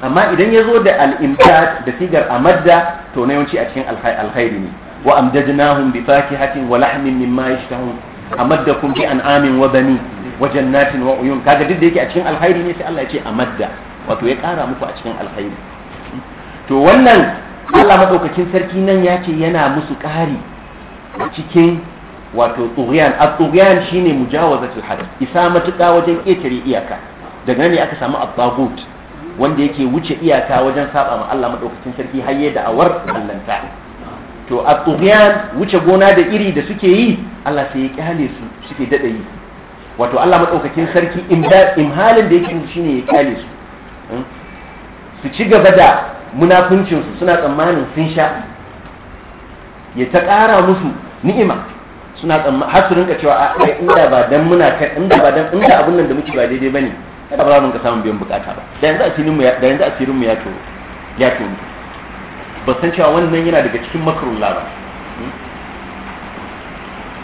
Speaker 1: amma idan ya zo da al'imta da sigar amadda to na yawanci a cikin alkhairi ne wa amdadnahum bi fakihatin wa lahmin mimma yashtahun amaddakum bi an'amin wa bani wa jannatin wa uyun kaga duk da yake a cikin alkhairi ne sai Allah ya ce amadda wato ya kara muku a cikin alkhairi to wannan Allah madaukakin sarki nan ya ce yana musu ƙari cikin wato tsohiyan a tsohiyan shi ne mujawazatul hadith isa matuƙa wajen ƙetare iyaka daga ne aka samu abbagut wanda yake wuce iyaka wajen saba ma Allah madaukakin sarki har yayin da'awar allanta to a tsohiyan wuce gona da iri da suke yi Allah sai ya kyale su suke dada yi wato Allah madaukakin sarki imhalin da yake shine ya kyale su hmm? su ci gaba da munafuncinsu suna tsammanin sun sha ya ta ƙara musu ni'ima suna tsamma har su rinka cewa a inda ba dan muna kai inda ba dan inda abun nan da muke ba daidai bane kada ba za mu ka samu biyan bukata ba da yanzu asirin mu da yanzu asirin mu ya to ya to ba san cewa wannan yana daga cikin makarun ba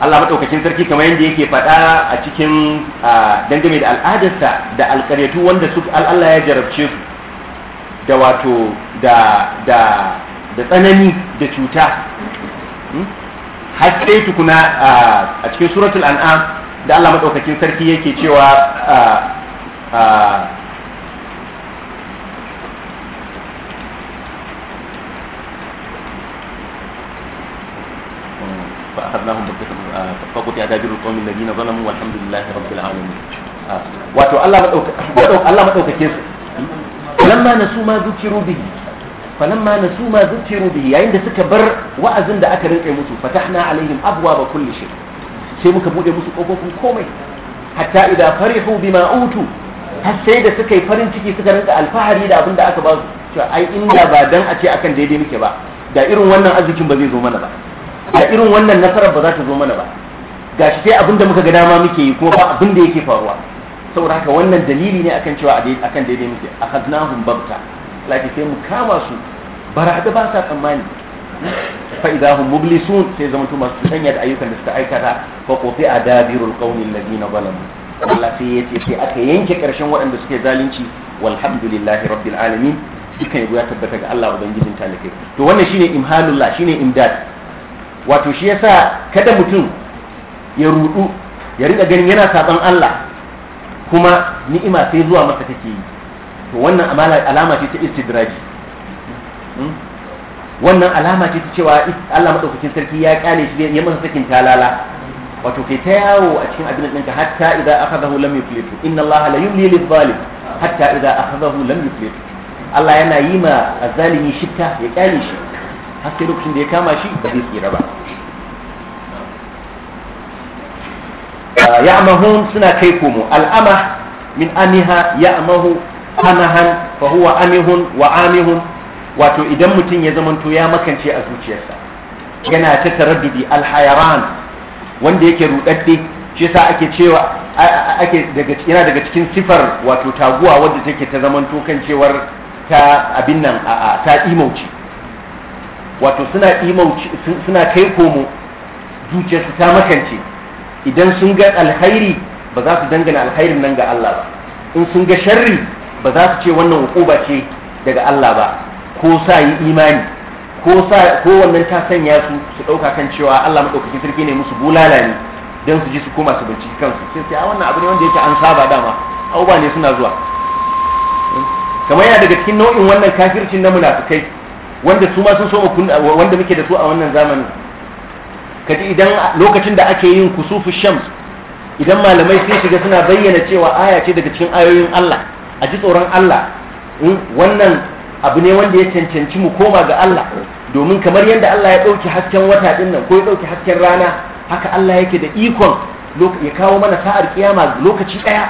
Speaker 1: Allah madaukakin sarki kamar yadda yake faɗa a cikin dangane da al'adarsa da alƙaryatu wanda su Allah ya jarabce su da wato da da da tsanani da cuta hmm? har sai tukuna a cikin suratul an'am da Allah madaukakin sarki yake cewa فأخذناهم فقطع دابر القوم الذين ظلموا والحمد لله رب العالمين واتو الله مدوكاكين لما نسوا ما ذكروا به falamma nasu ma zukiru bi yayin da suka bar wa'azin da aka rinka musu fatahna alaihim abwaba kulli shay sai muka bude musu kofofin komai hatta idza farihu bima utu har sai da suka yi farin ciki suka rinka alfahari da abin da aka ba su cewa ai inda ba dan a ce akan daidai muke ba da irin wannan arzikin ba zai zo mana ba da irin wannan nasarar ba za ta zo mana ba gashi sai abin da muka ga dama muke yi kuma ba abin da yake faruwa saboda haka wannan dalili ne akan cewa akan daidai muke akhadnahum babta lafi sai mu kama su bara da ba sa tsammani fa idahum mublisun sai zama to masu sanya da ayyukan da suka aikata fa fi adabirul qawmi alladhina zalamu Allah sai yace sai aka yanke karshen waɗanda suke zalunci walhamdulillahi rabbil alamin dukan yabo ya tabbata ga Allah ubangijin talikai to wannan shine imhalullah shine imdad wato shi yasa kada mutum ya rudu ya riga ganin yana saban Allah kuma ni'ima sai zuwa masa take yi to wannan alama ce ta istidraji hmm? wannan alama ce ta cewa Allah madaukakin sarki ya kyale shi ya masa sakin talala wato kai ta yawo a cikin abin ɗinka hatta idan akhadahu lam yuflitu inna Allah la yumli lil zalim hatta idan akhadahu lam yuflitu Allah yana yi ma azzalimi shitta ya kyale shi har sai lokacin da ya kama shi ba zai tsira ba ah, ya'mahun suna kai komo al'ama min amiha ya'mahu sanahan fa huwa amihun wa amihun wato idan mutum ya zamanto ya makance a zuciyarsa yana ta taraddudi alhayaran wanda yake rudadde shi yasa ake cewa ake daga yana daga cikin sifar wato taguwa wanda take ta zamanto kan cewar ta abin nan ta imauci wato suna imauci suna kai komo zuciyarsa ta makance idan sun ga alkhairi ba za su dangana alkhairin nan ga Allah ba in sun ga sharri ba za su ce wannan hukuba ce daga Allah ba ko sa yi imani ko sa ko wannan ta sanya su su dauka kan cewa Allah madaukakin sarki ne musu bulala ne dan su ji su koma su binciki kansu sai sai a ah, wannan abu ne wanda yake an saba dama abubuwa ne suna zuwa kamar yana daga cikin nau'in wannan kafircin na munafikai wanda su ma sun so wanda muke da su a wannan zamanin kaji idan lokacin da ake yin kusufu shams idan malamai sun shiga suna bayyana cewa aya ce daga cikin ayoyin Allah a ji tsoron Allah hmm, wannan abu ne wanda ya cancanci mu koma ga Allah domin kamar yadda Allah ya ɗauki hasken wata ɗin nan ko ya ɗauki hasken rana haka Allah yake da ikon ya kawo mana sa'ar kiyama lokaci ɗaya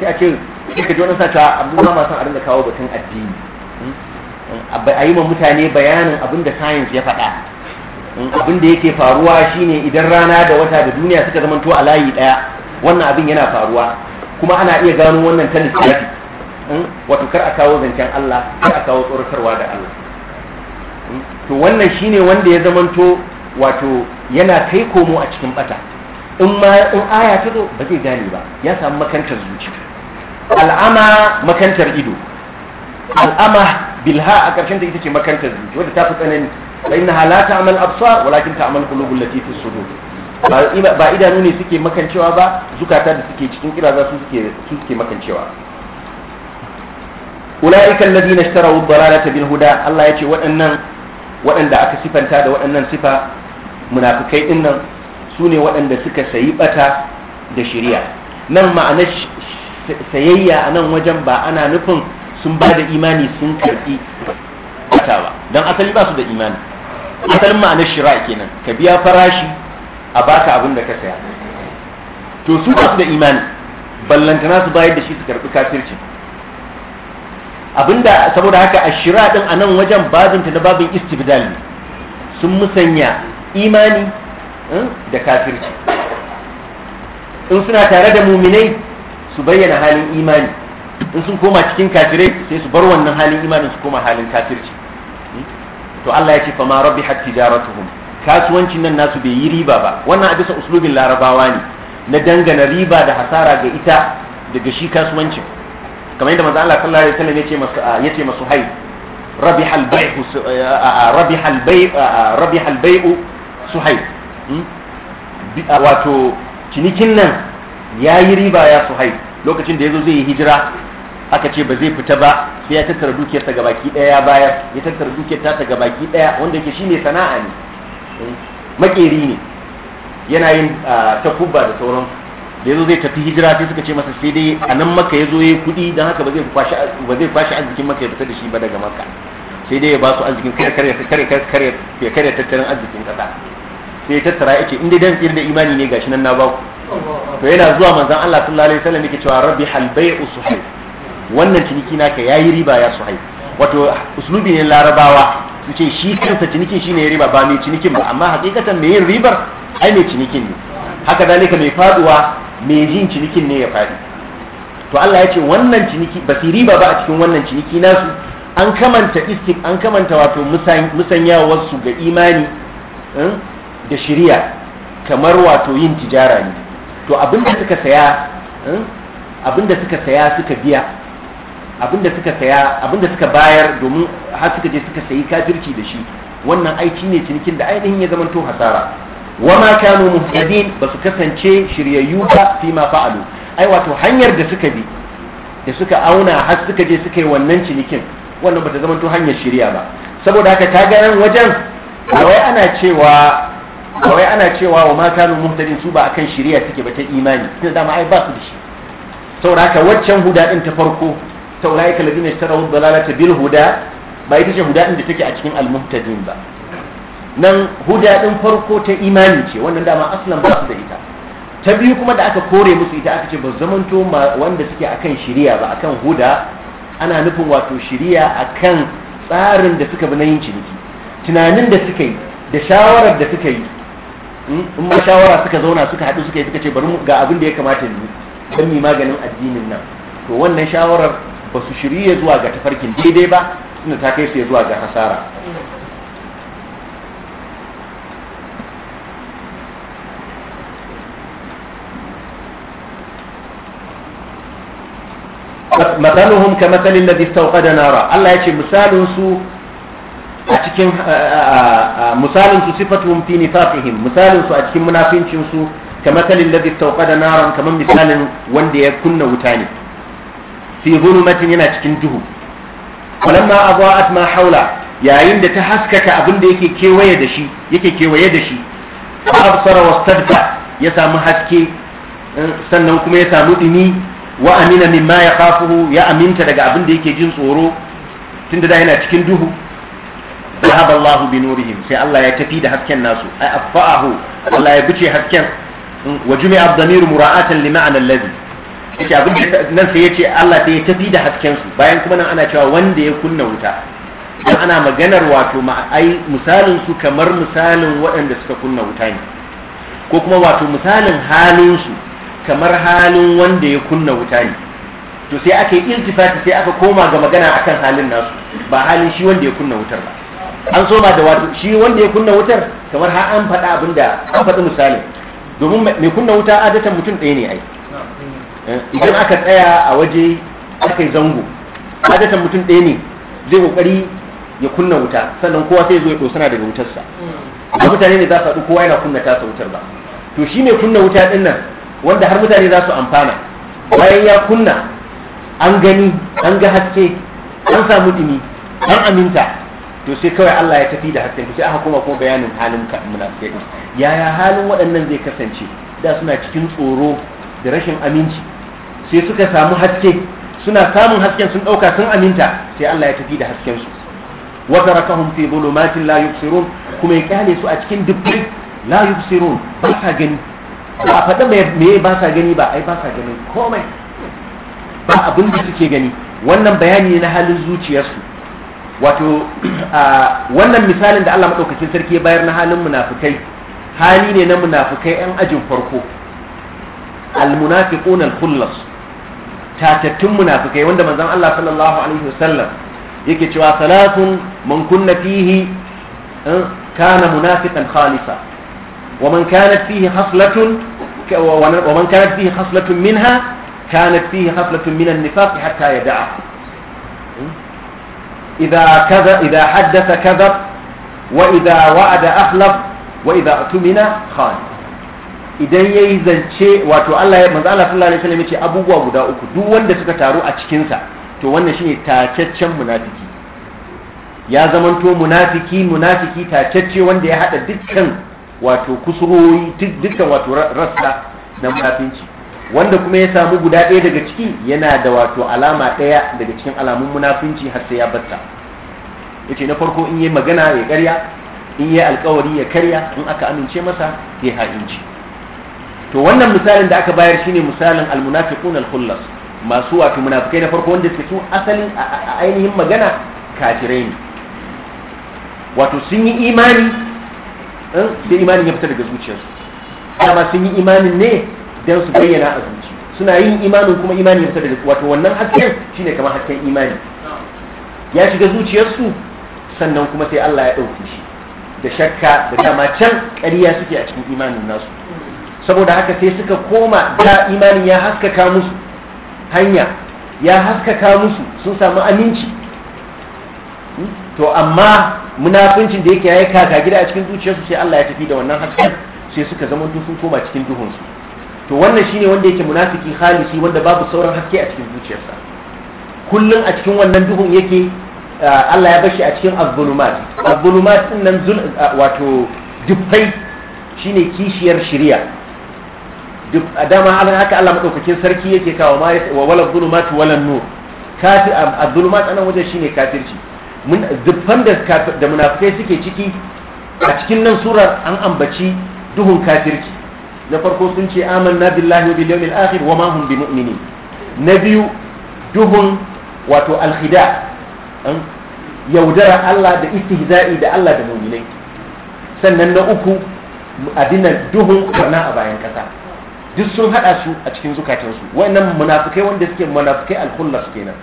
Speaker 1: sai a ce suka ji wani sata abubuwa masu a rinka kawo batun addini hmm, hmm, a yi ma mutane bayanin abin da science ya faɗa abin da yake faruwa shine idan rana da wata da duniya suka zamanto a layi ɗaya wannan abin yana faruwa kuma ana iya gano wannan ta lissafi hmm? wato kar a kawo zancen Allah kar a kawo tsoratarwa da Allah hmm? to wannan shine wanda ya zamanto wato yana kai komo a cikin bata in ma in aya ta zo ba zai gane ba ya samu makantar zuci al'ama makantar ido al'ama bilha a ƙarshen ta ita ce makantar zuci wanda ta fi tsanani fa innaha la ta'mal absar walakin ta'mal qulubul lati fi sudur ba idanu ne suke makancewa ba zukata da suke cikin kiraza su suke suke makancewa ulaika alladhina ishtaraw ad-dalalata bil huda Allah ya ce waɗannan waɗanda aka sifanta da waɗannan sifa munafukai din nan su ne waɗanda suka sayi bata da shari'a nan ma'ana sayayya a nan wajen ba ana nufin sun ba da imani sun karbi bata ba don asali ba su da imani asalin ma'anar shira kenan ka biya farashi a baka abin da ka saya to su ba su da imani ballantana su bayar da shi su karbi kafirci abinda saboda haka shira din a nan wajen babin ta na babin istibdal ne sun musanya imani eh, da kafirci in suna tare da muminai su bayyana halin imani in sun koma cikin kafirai sai su bar wannan halin imanin su koma halin kafirci hmm? to Allah ya ce fa ma rabbihat jaratuhum kasuwancin nan nasu bai yi riba ba wannan a bisa uslubin larabawa ne na dangana riba da hasara ga ita daga shi kasuwancin kamar yadda manzo Allah sallallahu alaihi wasallam yace masu yace masu hay rabiha hmm? wato cinikin nan ya yi riba ya suhay lokacin da ya zo zai yi hijira aka ce ba zai fita ba sai ya tattara dukiyarsa gabaki daya ya ya tattara dukiyar ta gabaki daya wanda shi ne sana'a ne makeri ne yana yin ta kubba da sauran da yazo zai tafi hijira sai suka ce masa sai dai a nan maka yazo yayi kudi dan haka ba zai kwashi ba zai kwashi arzikin maka ya fita da shi ba daga maka sai dai ya ba su arzikin kare kare kare kare ya kare tattalin arzikin kasa sai ya tattara yake in dai dan tsir da imani ne gashi nan na ba ku to yana zuwa manzon Allah sallallahu alaihi wasallam yake cewa rabbi hal bai'u suhay wannan ciniki naka yayi riba ya suhay wato uslubi ne larabawa ce shi kansa cinikin shine ya riba ba mai cinikin ba amma hakikatan mai yin ribar ai mai cinikin ne haka dalika mai faduwa mai jin cinikin ne ya fadi to Allah ya ce wannan ciniki ba su riba ba a cikin wannan ciniki nasu an kamanta istik an kamanta wato musanyawar ga imani eh, da shirya kamar wato yin tijara ne to abinda suka eh, suka saya suka biya abinda suka saya abinda suka bayar domin har suka je suka sayi kafirci da shi wannan aiki ne cinikin da ainihin ya zamanto hasara Wa ma kanu muhtadin ba su kasance shiryayyu ba fi ma fa'alu ai wato hanyar da suka bi da suka auna har suka je suka yi wannan cinikin wannan bata zamanto hanyar shirya ba saboda haka ta ganin wajen kawai ana cewa kawai ana cewa wa ma kanu muhtadin su ba akan shirya take ba ta imani tunda dama ai ba su da shi saboda haka waccan huda din ta farko ta ulaika ladina ta dalalata bil huda ba ita ce huda din da take a cikin almuhtadin ba nan huda ɗin farko ta imani ce wannan dama aslan ba su da ita ta biyu kuma da aka kore musu ita aka ce ba zamanto wanda suke akan shiriya ba akan huda ana nufin wato shiriya akan tsarin da suka bi na yin ciniki tunanin da suka yi da shawarar da suka yi hmm, in ba shawara suka zauna suka haɗu suka yi suka ce bari ga abin da ya kamata yi don mi maganin addinin nan to wannan shawarar ba su shirye zuwa ga tafarkin daidai ba suna ta kai su zuwa ga hasara matsaluhun ka matsalin da distauka da nara Allah ya ce misalinsu a cikin misalinsu sifatun fi misalinsu a cikin munafincinsu ka matsalin da distauka da nara kamar misalin wanda ya kunna wuta ne fi zulumatin yana cikin duhu falamma adwa'at ma haula yayin da ta haskaka abin da yake kewaye da shi yake kewaye da shi absara wastadba ya samu haske eh, sannan kuma ya samu ɗimi, wa amina mimma khafuhu ya aminta daga abin da yake jin tsoro tunda da yana cikin duhu ذهب الله بنورهم سي الله يتفي ده Allah ناسو أفأه الله يبتشي حسكن وجمع الضمير مراعاة لمعنى الذي yake abin da nan sai ce Allah sai ya tafi da hasken su bayan kuma nan ana cewa wanda ya kunna wuta dan ana maganar wato ma ai misalin su kamar misalin waɗanda suka kunna wuta ne ko kuma wato misalin halin su kamar halin wanda ya kunna wuta ne to sai aka yi iltifati sai aka koma ga magana akan halin nasu ba halin shi wanda ya kunna wutar ba an soma da wato shi wanda ya kunna wutar kamar har an faɗa abinda an faɗi misalin domin mai kunna wuta adatan mutum ɗaya ne ai idan aka tsaya a waje aka yi zango adatan mutum ɗaya ne zai kokari ya kunna wuta sannan kowa sai zo ya dosana daga wutarsa ba mutane ne za su haɗu kowa yana kunna tasa wutar ba to shi ne kunna wuta ɗin nan wanda har mutane za su amfana bayan ya kunna an gani an ga haske an samu ɗumi an aminta to sai kawai Allah ya tafi da hasken sai aka koma kuma bayanin halin ka, munafikai yaya halin waɗannan zai kasance da suna cikin tsoro da rashin aminci sai suka samu haske suna samun hasken sun ɗauka sun aminta sai Allah ya tafi da hasken su wa tarakahum fi dhulumatin la yubsirun kuma ya kyale su a cikin dubbi la yubsirun ba sa gani ba faɗa me ba sa gani ba ai ba sa gani komai ba abin da suke gani wannan bayani na halin zuciyarsu wato [CLEARS THROAT] wannan misalin da Allah maɗaukakin sarki ya bayar na halin munafukai hali ne na munafukai 'yan ajin farko al munafiqun al-khullas tatattun munafikai wanda manzon Allah sallallahu alaihi wasallam yake cewa salatun man kunna fihi kana munafiqan khalisa wa man kanat fihi khaslatun wa man kanat fihi khaslatun minha kanat fihi khaslatun min an-nifaq hatta yad'aha idha kadha idha haddatha kadhab wa idha wa'ada akhlaf wa idha tumina khana idan ya yi zance wato Allah ya manzo Allah sallallahu alaihi wasallam ce abubuwa guda uku duk wanda suka taru a cikinsa to wannan shine tacaccen munafiki ya zamanto munafiki munafiki tacacce wanda ya hada dukkan wato kusuroyi dukkan wato rassa na munafinci wanda kuma ya samu guda ɗaya daga ciki yana da wato alama ɗaya daga cikin alamun munafinci har sai ya batta yace na farko in yi magana ya karya in yayi alkawari ya karya in aka amince masa ya ha'inci to wannan misalin da aka bayar shine misalin almunafiqun alkhullas masu wato munafikai na farko wanda suke su a ainihin magana kafirai ne wato sun yi imani eh, in da imanin ya fita daga zuciyarsu amma sun yi imanin ne don su bayyana a zuci suna yin imanin kuma imanin ya fita daga wato wannan hasken shine kamar hasken imani ya shiga zuciyarsu sannan kuma sai Allah ya ɗauke shi da shakka da dama can ƙarya suke a cikin imanin nasu saboda haka sai suka koma da imanin ya haskaka musu hanya ya haskaka musu sun samu aminci hmm? to amma munafincin da yake yi kaka gida a cikin zuciyarsu sai Allah ya tafi da wannan haske sai suka zama sun koma cikin duhunsu to wannan shine wanda yake munafiki khalisi wanda babu sauran haske a cikin zuciyarsa kullum a cikin wannan duhun yake Allah ya bashi a cikin azzulumat azzulumat din nan wato dubai shine kishiyar shari'a duk dama Allah haka Allah madaukakin sarki yake kawo ma wa wala dhulumat wala nur kafir a dhulumat anan wajen shine kafirci mun dukkan da da munafikai suke ciki a cikin nan surar an ambaci duhun kafirci na farko sun ce amanna billahi bil yawmil akhir wa ma hum na biyu duhun wato alkhida yaudara Allah da istihza'i da Allah da mu'minai sannan na uku adina duhun barna a bayan kasa duk sun hada su a cikin zukatansu wannan munafikai wanda suke munafikai alkhullas kenan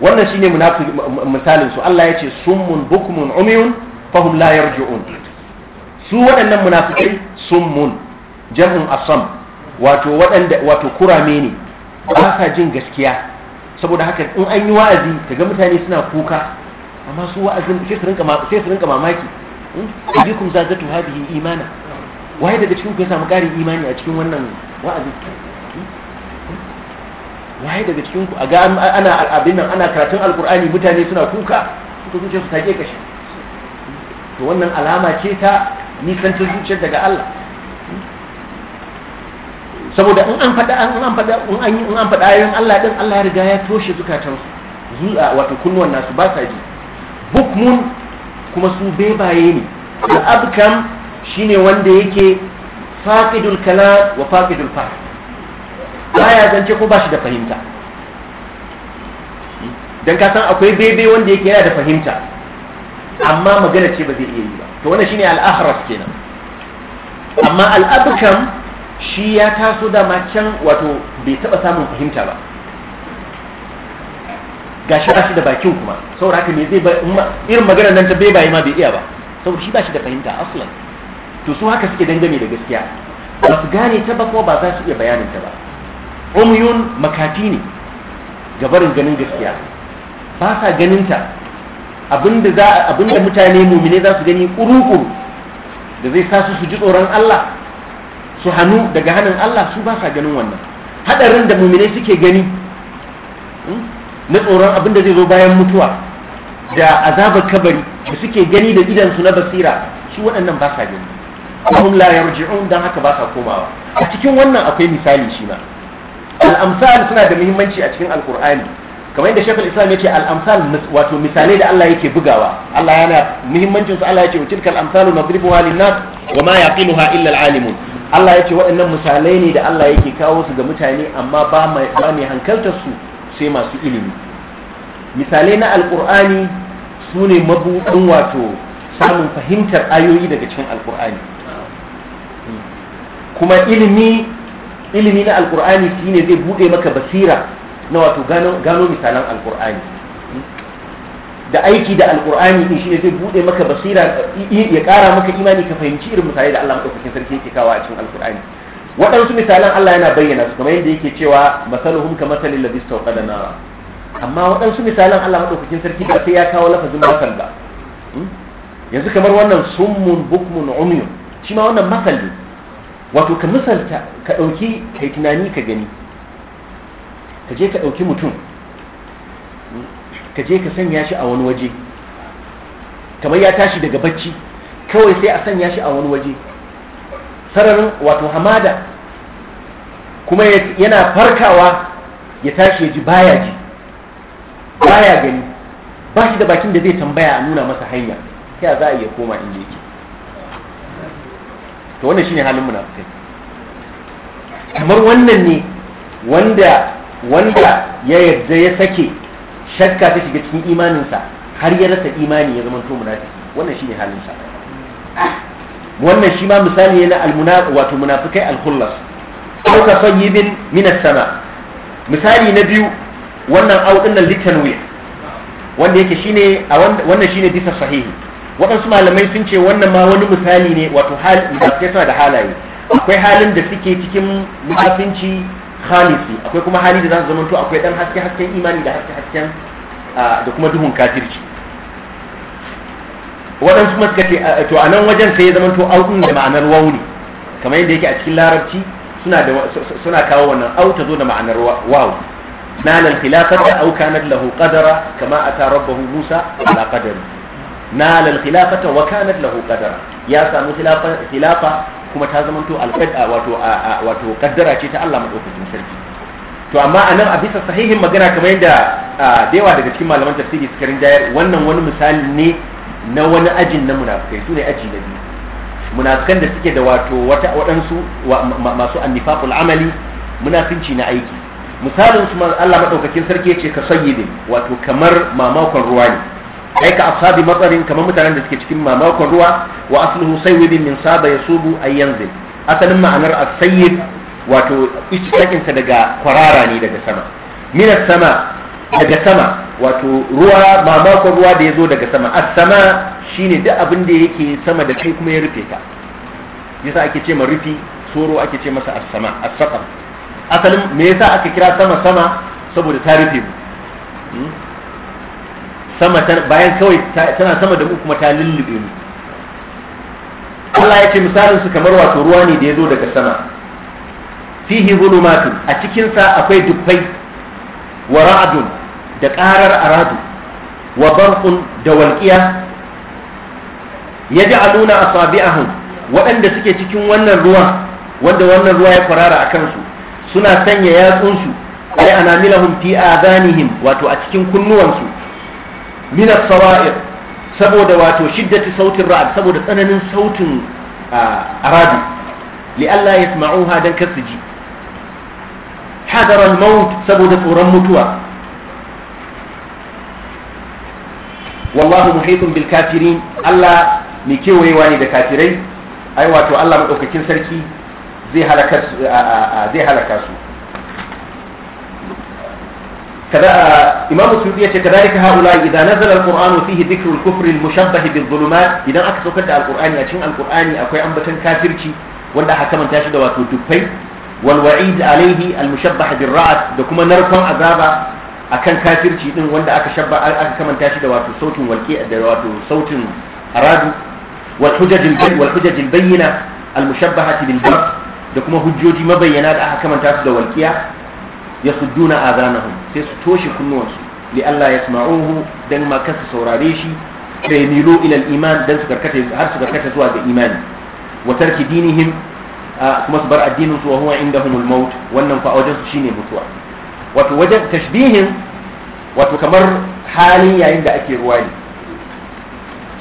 Speaker 1: wannan shine munafiki misalin su Allah ya ce summun bukmun umyun fahum la yarji'un su waɗannan munafikai summun jam'un asam wato waɗanda wato kurame ne ba sa jin gaskiya saboda haka in an yi wa'azi kaga mutane suna kuka amma su wa'azin sai su rinka mamaki hmm, ajikum zazatu hadhihi imana waye daga cikin ku ya samu ƙarin imani a cikin wannan wa'azi waye daga cikin ku a ga ana abin nan ana karatun alkur'ani mutane suna kuka suka zuciya su take kashi to wannan alama ce ta nisan ta zuciyar daga Allah saboda in an faɗa an an faɗa in an in an faɗa ayoyin Allah din Allah ya riga ya toshe zukatan su zuwa wato kunnuwan nasu ba sa ji bukmun kuma su bebaye ne al abkam shine wanda yake faqidul kalam wa faqidul fahm baya zance ko ba shi da fahimta dan ka san akwai bebe wanda yake yana da fahimta amma magana ce ba zai iya yi ba to wannan shine al-ahras kenan amma al-abkam shi ya taso da can wato bai taba samun fahimta ba gashi ba shi da bakin kuma saboda haka me zai irin maganar nan ta bai ma bai iya ba saboda shi ba shi da fahimta aslan to su haka suke dangane da gaskiya ba gane ta ba ko ba za su iya bayanin ta ba umyun makafi ne ga barin ganin gaskiya ba sa ganin ta abinda za abinda mutane mumine za su gani kurukuru da zai sa su su ji tsoron Allah su hannu daga hannun Allah su ba sa ganin wannan hadarin da mumine suke gani hmm, na tsoron abinda zai zo bayan mutuwa da azabar kabari da suke gani da idansu na basira su waɗannan ba sa gani fahim la yarji'un dan haka ba komawa a cikin wannan akwai misali shi ma al-amsal suna da muhimmanci a cikin alqur'ani kamar yadda shekul islam ya ce al-amsal wato misalai da Allah yake bugawa Allah yana muhimmancin su Allah ya ce tilka al-amsalu nadribuha lin-nas wa ma yaqinuha illa al-alimun Allah ya ce waɗannan misalai ne da Allah yake kawo su ga mutane amma ba mai ba mai hankaltar su sai masu ilimi misalai na alqur'ani su ne mabuɗin wato samun fahimtar ayoyi daga cikin alqur'ani kuma ilimi ilimi na alkur'ani shi ne zai buɗe maka basira na wato gano misalan alkur'ani da aiki da alkur'ani din shi ne zai buɗe maka basira ya ƙara maka imani ka fahimci irin misalai da Allah maɗaukakin sarki yake kawo a cikin alkur'ani waɗansu misalan Allah yana bayyana su kamar yadda yake cewa masaluhum ka masalin ladhi da nara amma waɗansu misalan Allah maɗaukakin sarki ba sai ya kawo lafazin masal ba hmm? yanzu kamar wannan summun bukmun umyun shi ma wannan masal ne wato ka misalta ka ɗauki kai tunani ka gani ka je ka ɗauki mutum ka je ka sanya shi a wani waje kamar ya tashi daga bacci kawai sai a sanya shi a wani waje sararin wato hamada kuma yana farkawa ya tashi ya ji baya ji baya gani ba shi da bakin da zai tambaya a nuna masa hanya sai za a iya koma inda yake to wannan shine halin munafikai kamar wannan ne wanda wanda ya yarda ya sake shakka ta shiga cikin imaninsa har ya rasa imani ya zama to munafiki wannan shine halin sa wannan shi ma misali ne na almunafiq wato munafikai alkhullas aw ka sayyibin min as-sama misali na biyu wannan aw dinnan litanwi wanda yake shine a wannan shine bisa sahihi waɗansu malamai sun ce wannan ma wani misali ne wato hali da suna da halaye akwai halin da suke cikin munafinci khalisi akwai kuma hali da za su zamanto akwai ɗan haske hasken imani da haske hasken da kuma duhun kafirci waɗansu to a nan wajen sai ya zamanto aukun da ma'anar wauni kamar yadda yake a cikin larabci suna da suna kawo wannan au ta zo da ma'anar wau nana al-khilafata au kanat lahu qadara kama ata rabbahu musa ala qadari nala al-khilafata wa kanat lahu qadara ya samu khilafa kuma ta zamanto al-qad'a wato wato qaddara ce ta Allah madaukakin sarki to amma anan a bisa sahihin magana kamar yadda da yawa daga cikin malaman tafsiri suka rinjayar wannan wani misali ne na wani ajin na munafikai su ne aji na biyu munafikan da suke da wato wata waɗansu masu annifaqul amali munafinci na aiki misalin su Allah madaukakin sarki ya ce ka sayyidin wato kamar mamakon Ruwani. ai ka asabi matsarin kamar mutanen da suke cikin mamakon ruwa wa asluhu sayyidin min saba yasubu ay yanzil asalin ma'anar as-sayyid wato ichtakin sa daga kwarara ne daga sama min sama daga sama wato ruwa mamakon ruwa da yazo daga sama as-sama shine duk abin da yake sama da kai kuma ya rufe ka yasa ake ce ma rufi soro ake ce masa as-sama as-saqaf asalin me yasa aka kira sama sama saboda ta rufe mu hmm? sama bayan kawai tana sama da mu kuma ta lullube mu Allah ya ce misalin su kamar wato ruwa ne da ya zo daga sama fihi zulumatu a cikin sa akwai dubbai wa ra'dun da qarar aradu wa barqun da walqiya yaj'aluna asabi'ahum waɗanda suke cikin wannan ruwa wanda wannan ruwa ya farara a kansu suna sanya yatsunsu ay anamilahum fi adanihim wato a cikin kunnuwansu min as saboda wato shiddati sautin ra'd saboda tsananin sautin arabi li alla yasma'uha dan kasji hadara al-maut saboda tsoron mutuwa wallahu muhitun bil kafirin Allah mai kewayewa ne da kafirai ai wato Allah madaukakin sarki zai halaka su كذا إمام السيوطي كذلك هؤلاء إذا نزل القرآن فيه ذكر الكفر المشبه بالظلمات إذا أكثر كده القرآن يتشن القرآن أكوي أنبتا كافرتي وأن أحد كمن تاشد وتدفي والوعيد عليه المشبه بالرعد دكما نركم عذابا أكن كافرتي إن وأن أكشبه أكن كمن تاشد وتصوت والكي صوت أراد والحجج البين والحجج البينة المشبهة بالبرد دكما هجوجي مبينات أحد كمن تاشد والكيا a azanahum sai su toshe kunnuwansu li Allah yasma'uhu dan ma kasu saurare shi da milo ila iman dan su karkata har su karkata zuwa ga imani wa tarki dinihim kuma su bar addinin su wa huwa indahumul maut wannan fa wajen su shine mutuwa wato wajen tashbihin wato kamar hali yayin da ake ruwa ne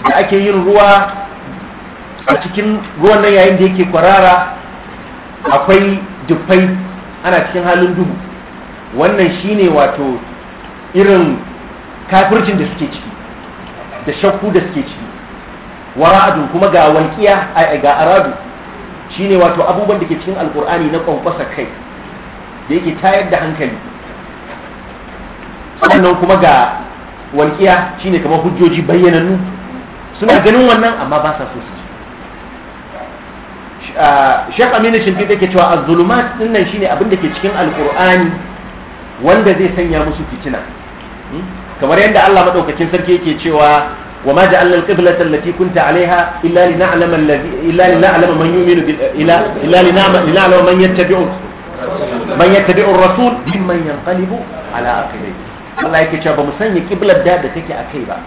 Speaker 1: da ake yin ruwa a cikin ruwan nan yayin da yake kwarara akwai dufai ana cikin halin duhu wannan shine wato irin kafircin da suke ciki da shakku da suke ciki wara'adun kuma ga walƙiya ga aradu shine wato abubuwan da ke cikin alkur'ani na kwankwasa kai da yake tayar da hankali sannan kuma ga walƙiya shine kamar hujjoji bayyanannu suna ganin wannan amma ba sa so su ah, Sheikh Aminu Shimfi yake cewa az-zulumat din nan shine abin da ke cikin alkur'ani wanda zai sanya musu fitina hmm? kamar yadda Allah madaukakin sarki yake cewa wa ma ja'alna al-qiblata allati kunta 'alayha illa lina'lama allazi illa lina'lama man yu'minu bil ila illa lina'lama man yattabi'u
Speaker 2: man yattabi'u ar-rasul
Speaker 1: mimman yanqalibu 'ala aqibihi Allah yake cewa ba mu sanya qiblar da da take akai ba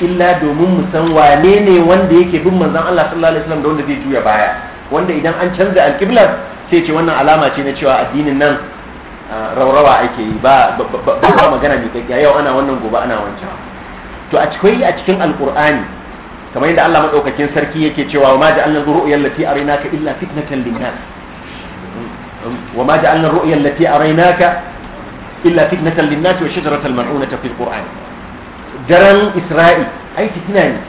Speaker 1: illa domin mu san wane ne wanda yake bin manzon Allah sallallahu alaihi wasallam da wanda zai juya baya wanda idan an canza al-qiblar sai ce wannan alama ce na cewa addinin nan raurawa ake yi ba ba magana mai kai yau ana wannan gobe ana wancan to a cikin a cikin alqur'ani kamar yadda Allah madaukakin sarki yake cewa wa ma ja'alna ru'ya allati araynaka illa fitnatan linnas wa ma ja'alna ru'ya allati araynaka illa fitnatan linnas wa shajaratal mal'unata fil qur'an daren isra'i ai fitina ne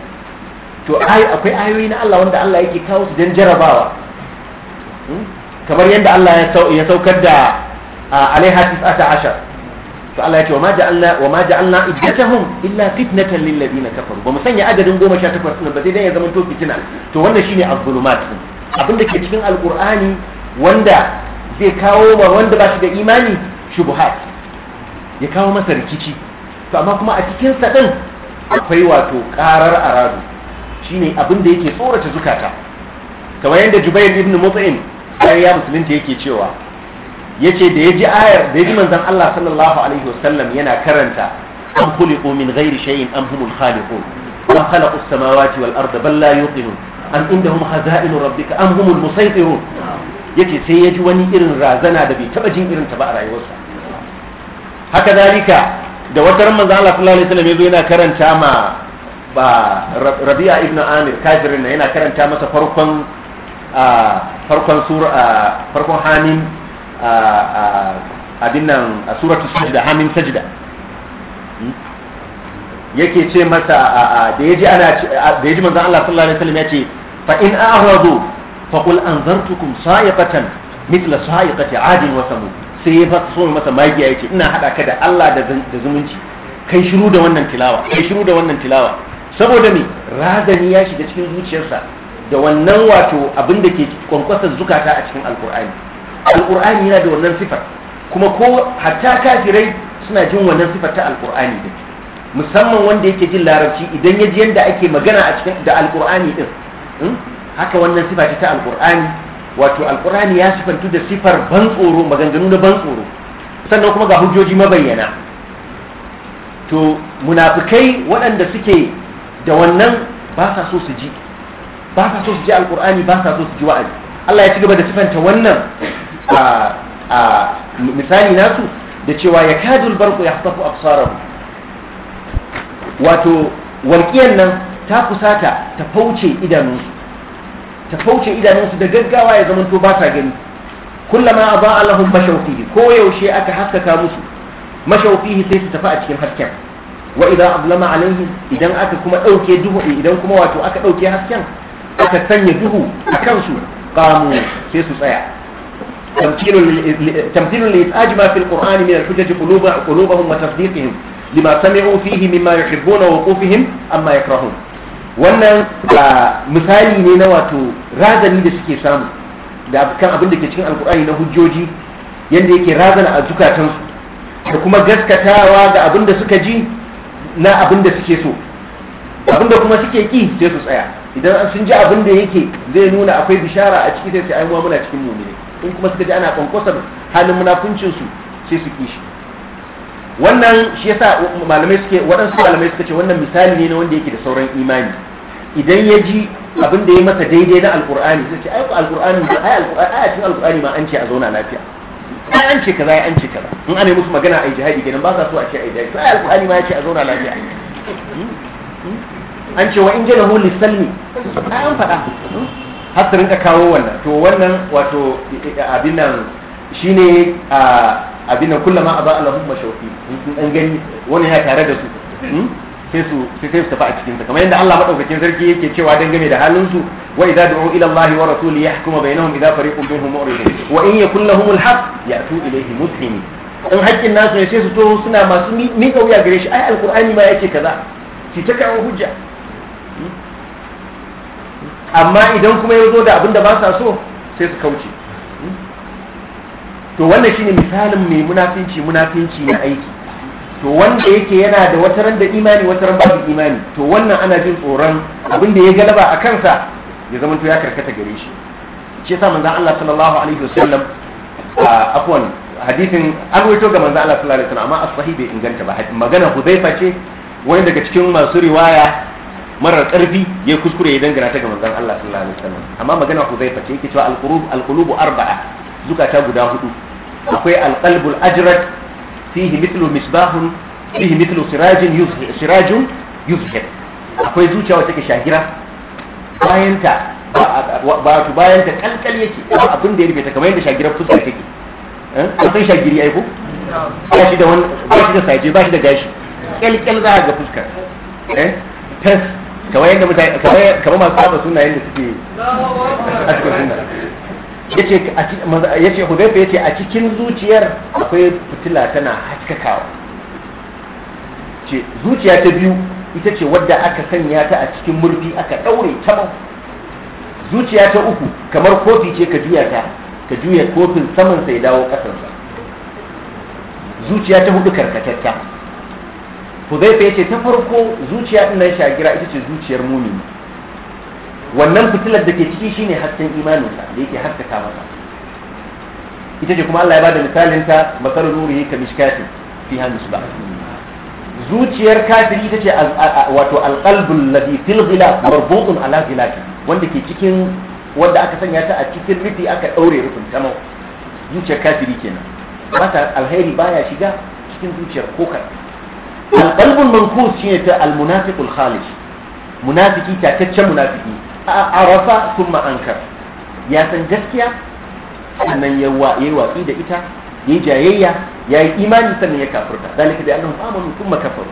Speaker 1: to ai akwai ayoyi na Allah wanda Allah yake kawo su dan jarabawa hmm? kamar yadda Allah ya saukar da alaiha tis'ata ashar to Allah ya ce wa ma ja'alna wa ma ja'alna iddatahum illa fitnatan lil ladina kafaru ba mu sanya adadin 18 din ba sai dan ya zama to fitina to wannan shi ne zulumat abin da ke cikin alqur'ani wanda zai kawo wa wanda ba shi da imani shubuhat ya kawo masa rikici to amma kuma a cikin sa din akwai wato karar aradu shine abin da yake tsorata zukata kamar yadda Jubair ibn Mut'im sai ya musulunta yake cewa yace da yaji ayar da yaji manzon Allah sallallahu alaihi wasallam yana karanta an khuliqu min ghairi shay'in am humul khaliqun wa khalaqu as-samawati wal arda bal la yuqinun am indahum khaza'inu rabbika am humul musaytirun yace sai yaji wani irin razana da bai taba jin irin ta ba a rayuwarsa haka dalika da wata ran manzon Allah sallallahu alaihi wasallam yazo yana karanta ma ba Rabi'a ibn Amir kafirin yana karanta masa farkon farkon sura farkon hamim abin nan a suratu sajida hamin sajida hmm? yake ce masa da yaji ana da yaji manzon Allah sallallahu alaihi wasallam yace fa in a'radu fa qul anzartukum sa'iqatan mithla sa'iqati 'adin wa thamud sai ya fasa so masa magiya yace ina hada ka da Allah da zumunci kai shiru da wannan tilawa kai shiru da wannan tilawa saboda me razani ya shiga cikin zuciyarsa da wannan wato abin da ke kwankwasa zukata a cikin alkur'ani Alƙur'ani yana da wannan sifar kuma ko hatta kafirai suna jin wannan sifar ta Alƙur'ani din musamman wanda yake jin larabci idan ya ji yadda ake magana a cikin da Alƙur'ani din hmm? haka wannan sifa ta Alƙur'ani, wato Alƙur'ani ya sifantu da sifar ban tsoro maganganu na ban tsoro sannan kuma ga hujjoji mabayyana to munafikai waɗanda suke da wannan ba sa so su ji ba sa so su ji Alƙur'ani, ba sa so su ji wa'azi Allah ya ci gaba da sifanta wannan misali nasu da cewa ya kadul barku ya hasafu absarahu wato walƙiyar nan ta kusata ta fauce idanunsu ta fauce idanunsu da gaggawa ya zamanto ba sa gani kullama a ba'a lahun mashaufihi ko yaushe aka haskaka musu mashaufihi sai su tafi a cikin hasken wa idan ablama alaihi idan aka kuma ɗauke duhu idan kuma wato aka ɗauke hasken aka sanya duhu a kansu kamu sai su tsaya تمثيل لإفعاج ما في القرآن من الحجج قلوب قلوبهم وتصديقهم لما سمعوا فيه مما يحبون ووقوفهم أما يكرهون wannan misali ne na wato razani da suke samu da kan abin da ke cikin alkur'ani na hujjoji yadda yake razana a zukatansu da kuma gaskatawa ga abin da suka ji na abin da suke so abin da kuma suke ki sai su tsaya idan sun ji abin da yake zai nuna akwai bishara a ciki sai su ai muna cikin mumine in kuma suka ji ana kwankwasar halin munafuncinsu su sai su shi wannan shi yasa malamai suke waɗansu malamai suka ce wannan misali ne na wanda yake da sauran imani idan ya ji abin da ya masa daidai na alkur'ani sai ce ai alkur'ani ba ai alkur'ani ai cikin alkur'ani ma an ce a zauna lafiya ai an ce kaza ai an ce kaza in ana musu magana ai jihadi kenan ba sa so a ce ai jihadi ai alkur'ani ma ya ce a zauna lafiya
Speaker 2: hmm? Hmm?
Speaker 1: an ce wa in jalahu lisalmi
Speaker 3: ai an faɗa hmm?
Speaker 1: har su rinka kawo wannan to wannan wato eh, eh, abin nan shine ah, abin nan kullama aba alahum mashawfi an gani wani ya tare da su hmm? sai su sai su tafi a cikin sa kamar yadda Allah madaukakin sarki yake cewa dangane da halin su wa idza du'u ila Allah wa rasuli yahkuma bainahum idza fariqun minhum mu'ridun wa in yakul lahum alhaq ya'tu ilayhi muslimin in haƙƙin nasu ne sai su to suna masu miƙa wuya gare shi ai alqur'ani ma yake kaza ki ta kawo hujja amma idan kuma ya zo da abin da ba sa so sai su kauce to wannan shine misalin mai munafinci munafinci na aiki to wanda yake yana da wata ran da imani wata ran babu imani to wannan ana jin tsoron abin da ya galaba a kansa ya zama to ya karkata gare shi shi yasa manzon Allah sallallahu alaihi wasallam afwan hadisin an wato ga manzon Allah sallallahu alaihi wasallam amma as-sahih bai inganta ba magana Hudhaifa ce wani daga cikin masu riwaya marar karfi ya kuskure ya dangana ta ga manzon Allah sallallahu alaihi wasallam amma magana Huzaifa ce yake cewa al-qulub al-qulubu arba'a zukata guda hudu akwai al-qalbul ajrat fihi mithlu misbahun fihi mithlu sirajin yuzhir sirajun yuzhir akwai zuciya wacce ke shagira bayanta ba su bayanta kalkal yake ba abin da ya rubuta kamar yadda shagirar fuska take eh, an san shagiri ai ko ba shi da wani ba shi da saje ba shi da gashi kalkal za ga fuskar eh tas kamar yadda mutane kamar masu kama suna yadda suke a cikin suna yace yace hudayfa yace a cikin zuciyar akwai fitila tana haskakawa ce zuciya ta biyu ita ce wadda aka sanya ta a cikin murfi aka daure ta zuciya ta uku kamar kofi ce ka juya ta ka juya kofin saman sai dawo kasansa zuciya ta hudu karkatatta huzaifa ya ce ta farko zuciya ɗin nan shagira ita ce zuciyar mumini wannan fitilar da ke ciki shine hasken imaninsa da yake haskaka masa ita ce kuma Allah ya bada misalin ta masar nuri ka mishkatin fi hanus ba zuciyar kafiri ita ce wato alqalbul ladhi fil ghila marbutun ala ghilati wanda ke cikin wanda aka sanya ta a cikin rufi aka daure rufin ta zuciyar kafiri kenan mata alheri baya shiga cikin zuciyar kokar alqalbul shi shine ta almunafiqul khalid munafiki tataccen munafiki arafa sun ma'ankar. ya san gaskiya sannan ya yi watsi da ita ya jayayya ya yi imani sannan ya kafirta zalika da annahum amanu kuma kafaru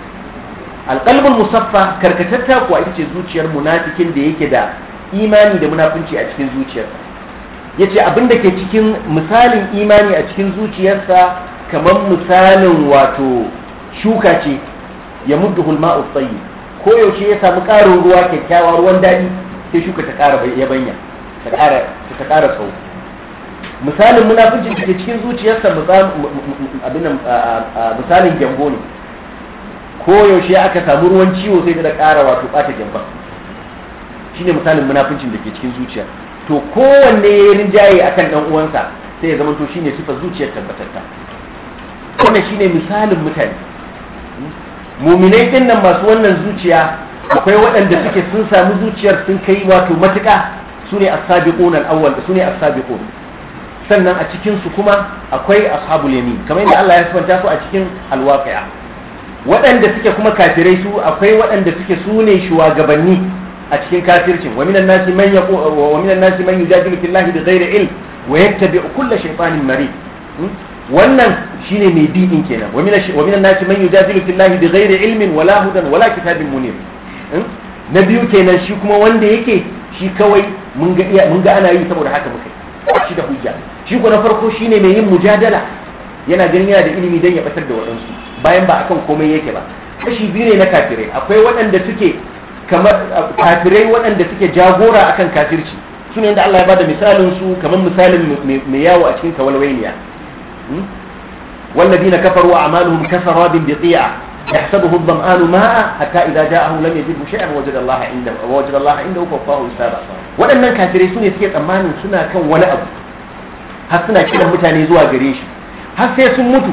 Speaker 1: alqalbul musaffa karkatatta kuwa ita ce zuciyar munafikin da yake da imani da munafinci a cikin Ya ce abin da ke cikin misalin imani a cikin zuciyarsa kamar misalin wato shuka ce ya muddu hulma tsayi ko yaushe ya samu ƙarin ruwa kyakkyawa ruwan daɗi sai shuka ta ƙara yabanya ta ta ƙara tsawo misalin munafikin da ke cikin zuciyarsa abin misalin gyambo ne ko yaushe aka samu ruwan ciwo sai da ƙara wato ɓata gyamban shine misalin munafincin da ke cikin zuciya to kowanne ya rinjaye akan ɗan uwansa sai ya zama to shine sifar zuciyar tabbatatta wannan shine misalin mutane muminai din nan masu wannan zuciya akwai waɗanda suke sun sami zuciyar sun kai wato matuƙa su ne as al-awwal su ne as sannan a cikinsu kuma akwai ashabul yamin kamar yadda Allah ya sifanta su a cikin al waɗanda suke kuma kafirai su akwai waɗanda suke su ne shugabanni a cikin kafircin wa minan nasi man yaqu wa minan nasi man yujadilu fillahi bighairi ilm wa yattabi'u kulla shaytanin marid hmm? wannan shine mai din kenan wa manya wa minan nasi man yujadilu fillahi bighairi ilmin wala hudan wala kitabin munir hmm? na biyu kenan shi kuma wanda yake shi kawai mun ga ana yi saboda haka muka shi da hujja shi kuma na farko shine mai yin mujadala yana ganin yana da ilimi dan ya batar da waɗansu bayan ba akan komai yake ba kashi biyu ne na kafirai akwai waɗanda suke kamar kafirai waɗanda suke jagora akan kafirci sune da Allah ya bada misalin su kamar misalin mai yawo a cikin kawalwainiya Hmm? والذين كفروا أعمالهم كسراب بقيعة يحسبه الظمآن ماء حتى إذا جاءه لم يجده شيئا وجد الله عنده ووجد الله عنده فوفاه حسابا waɗannan kafirai su ne suke tsammanin suna kan wani abu har suna kiran mutane zuwa gare shi har sai sun mutu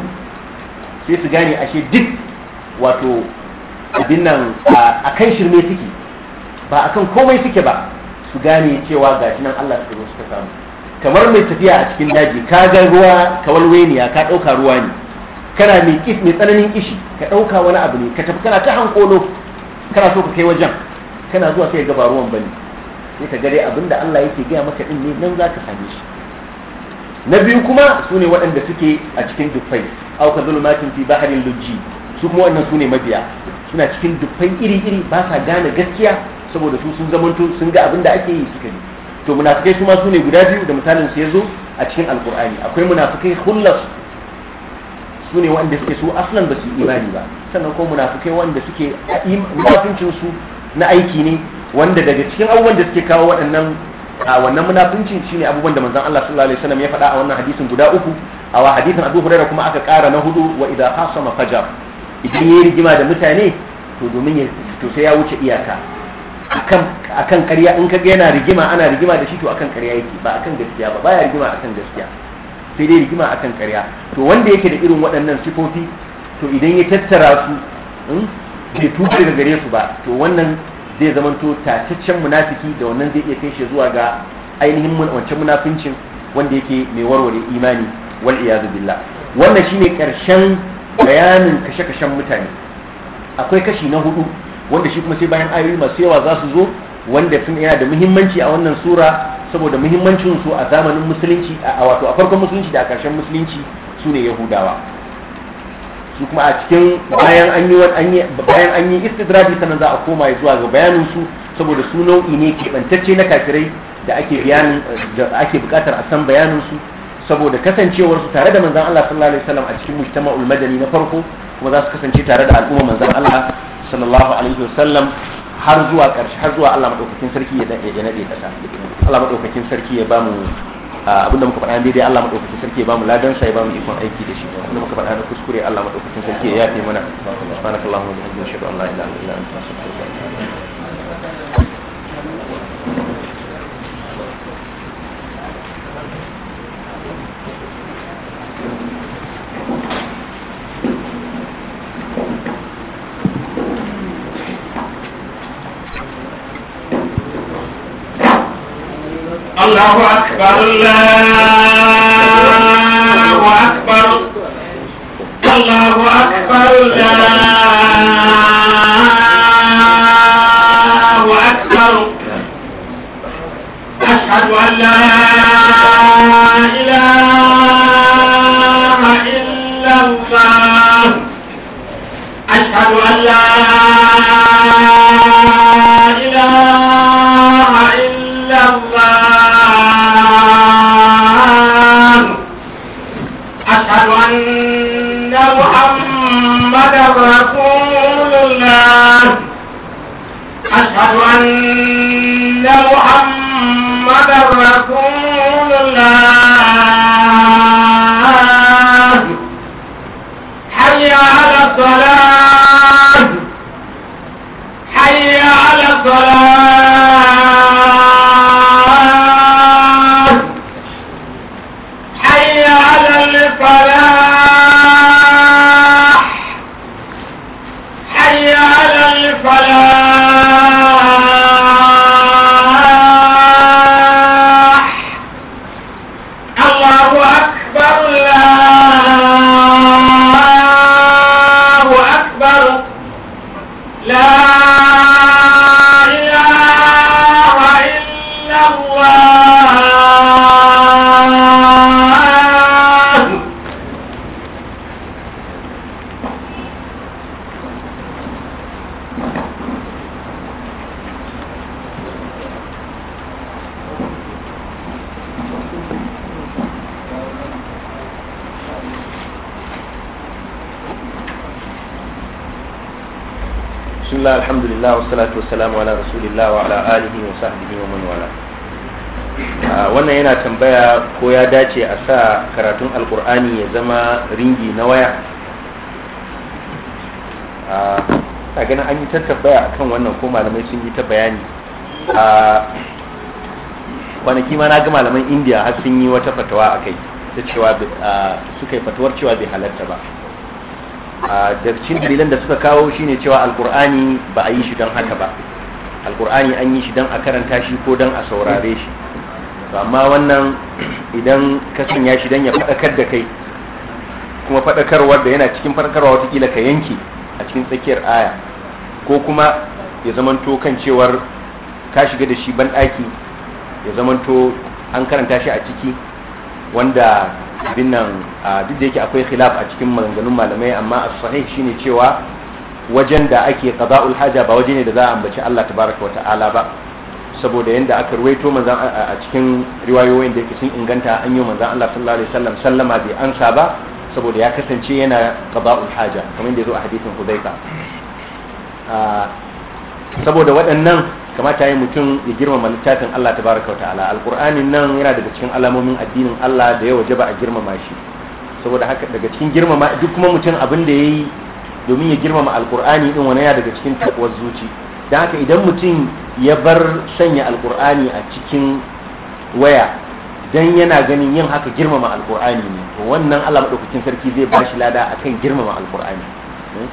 Speaker 1: sai su gane ashe duk wato abin a kan shirme suke ba a kan komai suke ba su gane cewa gashi nan Allah suka zo suka samu kamar mai tafiya a cikin daji ka ga ruwa ka walwaniya ka ɗauka ruwa ne kana mai mai tsananin kishi ka ɗauka wani abu ne ka tafi kana ta hankolo kana so ka kai wajen kana zuwa sai ga ba ruwan bane sai ka ga dai abinda Allah yake gaya maka din ne nan za ka same shi na biyu kuma su ne waɗanda suke a cikin dufai au ka matin fi baharin lujji su kuma wannan su ne mabiya suna cikin dufai iri-iri ba sa gane gaskiya saboda su sun zamanto sun ga abin da ake yi suka yi to munafikai su ma su ne guda biyu da misalin su ya zo a cikin alkur'ani akwai munafikai hullas su ne wanda suke su aslan ba su imani ba sannan ko munafikai wanda suke munafincin su na aiki ne wanda daga cikin abubuwan da suke kawo waɗannan a wannan munafincin shine abubuwan da manzon Allah sallallahu alaihi wasallam ya faɗa a wannan hadisin guda uku a wa hadisin Abu Hurairah kuma aka ƙara na hudu wa idza hasama fajar idan yayi rigima da mutane to domin ya to sai ya wuce iyaka akan karya in ka ga yana rigima ana rigima da shi to akan karya yake ba akan gaskiya ba baya rigima akan gaskiya sai dai rigima akan karya to wanda yake da irin waɗannan sifofi to idan ya tattara su hmm, bai tuce daga gare su ba to wannan zai zamanto tataccen munafiki da wannan zai iya kai shi zuwa ga ainihin wancan munafincin wanda yake mai warware imani wal iyazu billah wannan shine karshen bayanin kashe-kashen mutane akwai kashi na hudu wanda shi kuma sai bayan ayoyi masu yawa za su zo wanda sun yana da muhimmanci a wannan sura saboda muhimmancin a zamanin musulunci a wato a farkon musulunci da a ƙarshen musulunci su ne yahudawa su kuma a cikin bayan an yi bayan an istidradi sannan za a koma zuwa ga bayanin su saboda su nau'i ne keɓantacce na kafirai da ake da buƙatar a san bayanin saboda kasancewar tare da manzon Allah sallallahu alaihi wasallam a cikin mujtama'ul madani na farko kuma za su kasance tare da al'umma manzan Allah sallallahu alaihi wasallam har zuwa ƙarshe har zuwa Allah madaukakin sarki ya ya nade kasa Allah madaukakin sarki ya bamu abin muka faɗa Allah madaukakin sarki ya bamu ladan sa ya bamu ikon aiki da shi abin muka faɗa da kuskure Allah madaukakin sarki ya yafe mana subhanakallahumma wa bihamdika ashhadu an la ilaha illa anta astaghfiruka wa atubu ilaik
Speaker 4: كلا
Speaker 1: wassalamu ala rasulillah wa ala alihi wa sahbihi wa wannan yana tambaya ko ya dace a sa karatun alkur'ani ya zama ringi na waya ah, a ganin an yi ta tambaya akan wannan ko malamai sun yi ta bayani a ah, kwanaki ma na ga malaman indiya har sun yi wata fatawa a kai ta cewa ah, suka yi fatawar cewa bai halatta ba da cikin dalilan da suka kawo shine cewa alkur'ani ba a yi shi don haka ba alkur'ani an yi shi don a karanta shi ko don a saurare shi amma wannan idan ka sanya shi don ya faɗakar da kai kuma faɗakarwar da yana cikin faɗakarwa watakila ka yanke a cikin tsakiyar aya ko kuma ya zamanto kan cewar ka shiga da shi banɗaki ya zamanto an karanta shi a ciki wanda abin nan duk da yake akwai khilaf a cikin maganganun malamai amma as-sahih shine cewa wajen da ake qada'ul haja ba waje ne da za a ambaci Allah tabaraka wa ta'ala ba saboda yanda aka ruwaito manzan a cikin riwayoyin da yake sun inganta an yi manzan Allah sallallahu alaihi wasallam sallama bai ansa ba saboda ya kasance yana qada'ul haja kamar da zo a hadithin Hudayfa saboda waɗannan kamata yi mutum ya girmama littafin Allah Ta baraka wa ta'ala alƙur'ani nan yana daga cikin alamomin addinin Allah da ya wajaba a girmama shi saboda haka daga cikin girmama duk kuma mutum abin da ya yi domin ya girmama alqur'ani din wani yana daga cikin takwas zuci dan haka idan mutum ya bar sanya alqur'ani a cikin waya dan yana ganin yin haka girmama alqur'ani ne to wannan Allah madaukakin sarki zai bashi lada akan girmama alqur'ani hmm?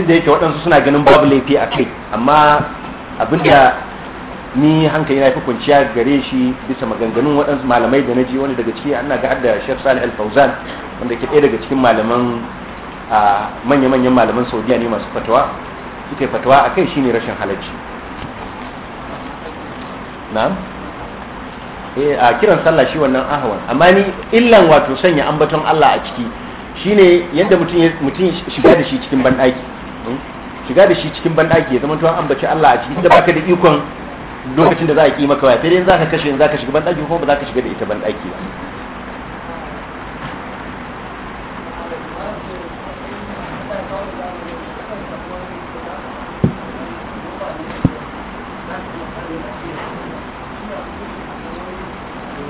Speaker 1: duk da yake waɗansu suna ganin babu laifi a kai amma abinda ni hankali na fi kwanciya gare shi bisa maganganun waɗansu malamai da na ji wani daga ciki ana ga da Sheikh Salih Al-Fauzan wanda ke ɗaya daga cikin malaman manya-manyan malaman Saudiya ne masu fatawa suka yi fatawa a kai shine rashin halacci na'am eh a kiran sallah shi wannan ahwan amma ni illan wato sanya ambaton Allah a ciki shine yadda mutum mutum shiga da shi cikin banɗaki hmm? shiga da shi cikin banɗaki ya zama to an ambaci Allah a cikin da baka da ikon lokacin da za a ki maka waya sai za ka kashe za ka shiga banɗaki ko ba za ka shiga da ita banɗaki ba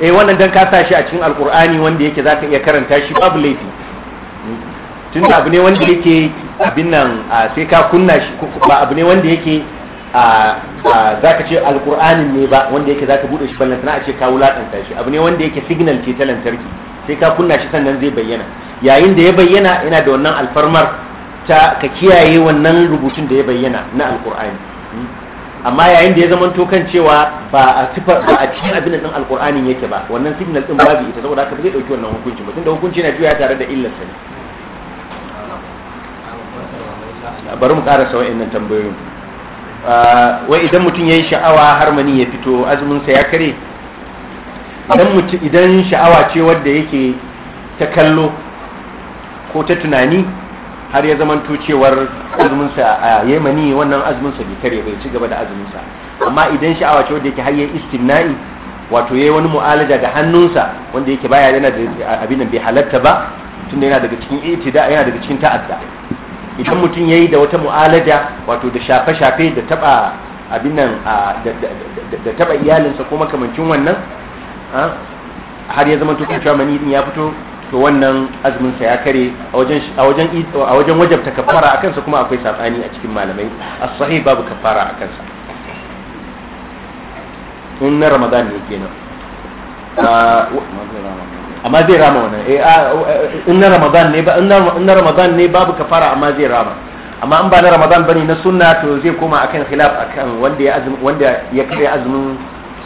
Speaker 1: eh wannan dan ka sa shi a cikin alkur'ani wanda yake zaka iya karanta shi babu laifi tun da abu ne wanda yake abin nan sai ka kunna shi ba abu ne wanda yake za ka ce alkur'anin ne ba wanda yake za ka buɗe shi ballantana a ce ka wulaƙanta shi abu ne wanda yake signal ce ta lantarki sai ka kunna shi sannan zai bayyana yayin da ya bayyana yana da wannan alfarmar ta ka kiyaye wannan rubutun da ya bayyana na alkur'ani amma yayin da ya zama to kan cewa ba a tufa ba a cikin abin nan alkur'anin yake ba wannan signal din babu ita saboda haka ba zai dauki wannan hukunci ba tunda hukunci yana juya tare da illar sa ne bari mu karasa wa'annan tambayoyin ah, wai idan mutum ya yi sha'awa har mani ya fito azuminsa ya kare idan sha'awa ce wadda yake ta kallo ko ta tunani har ya zamanto cewar azuminsa a yamani wannan azuminsa bai kare bai ci gaba da azuminsa amma idan sha'awa ce wadda yake har ya istimna'i wato yayi wani mu'alaja da hannunsa wanda yake baya yana da abin da bai halatta ba tunda yana daga cikin itida yana daga cikin ta'adda idan mutum ya yi da wata mu'alada wato da shafe-shafe da taba abin nan da taba iyalinsa ko makamancin wannan har ya zama tukun cewa mani ya fito to wannan azuminsa ya kare a wajen wajabta kafara a kansa kuma akwai safani a cikin malamai a sahih babu kafara a kansa in na ramadan ne kenan amma zai rama wannan eh, eh, in na ramadan ne ba in na ramadan ne babu kafara amma zai rama amma in ba na ramadan bane na sunna to zai koma akan khilaf akan wanda ya azumi wanda ya kare azumin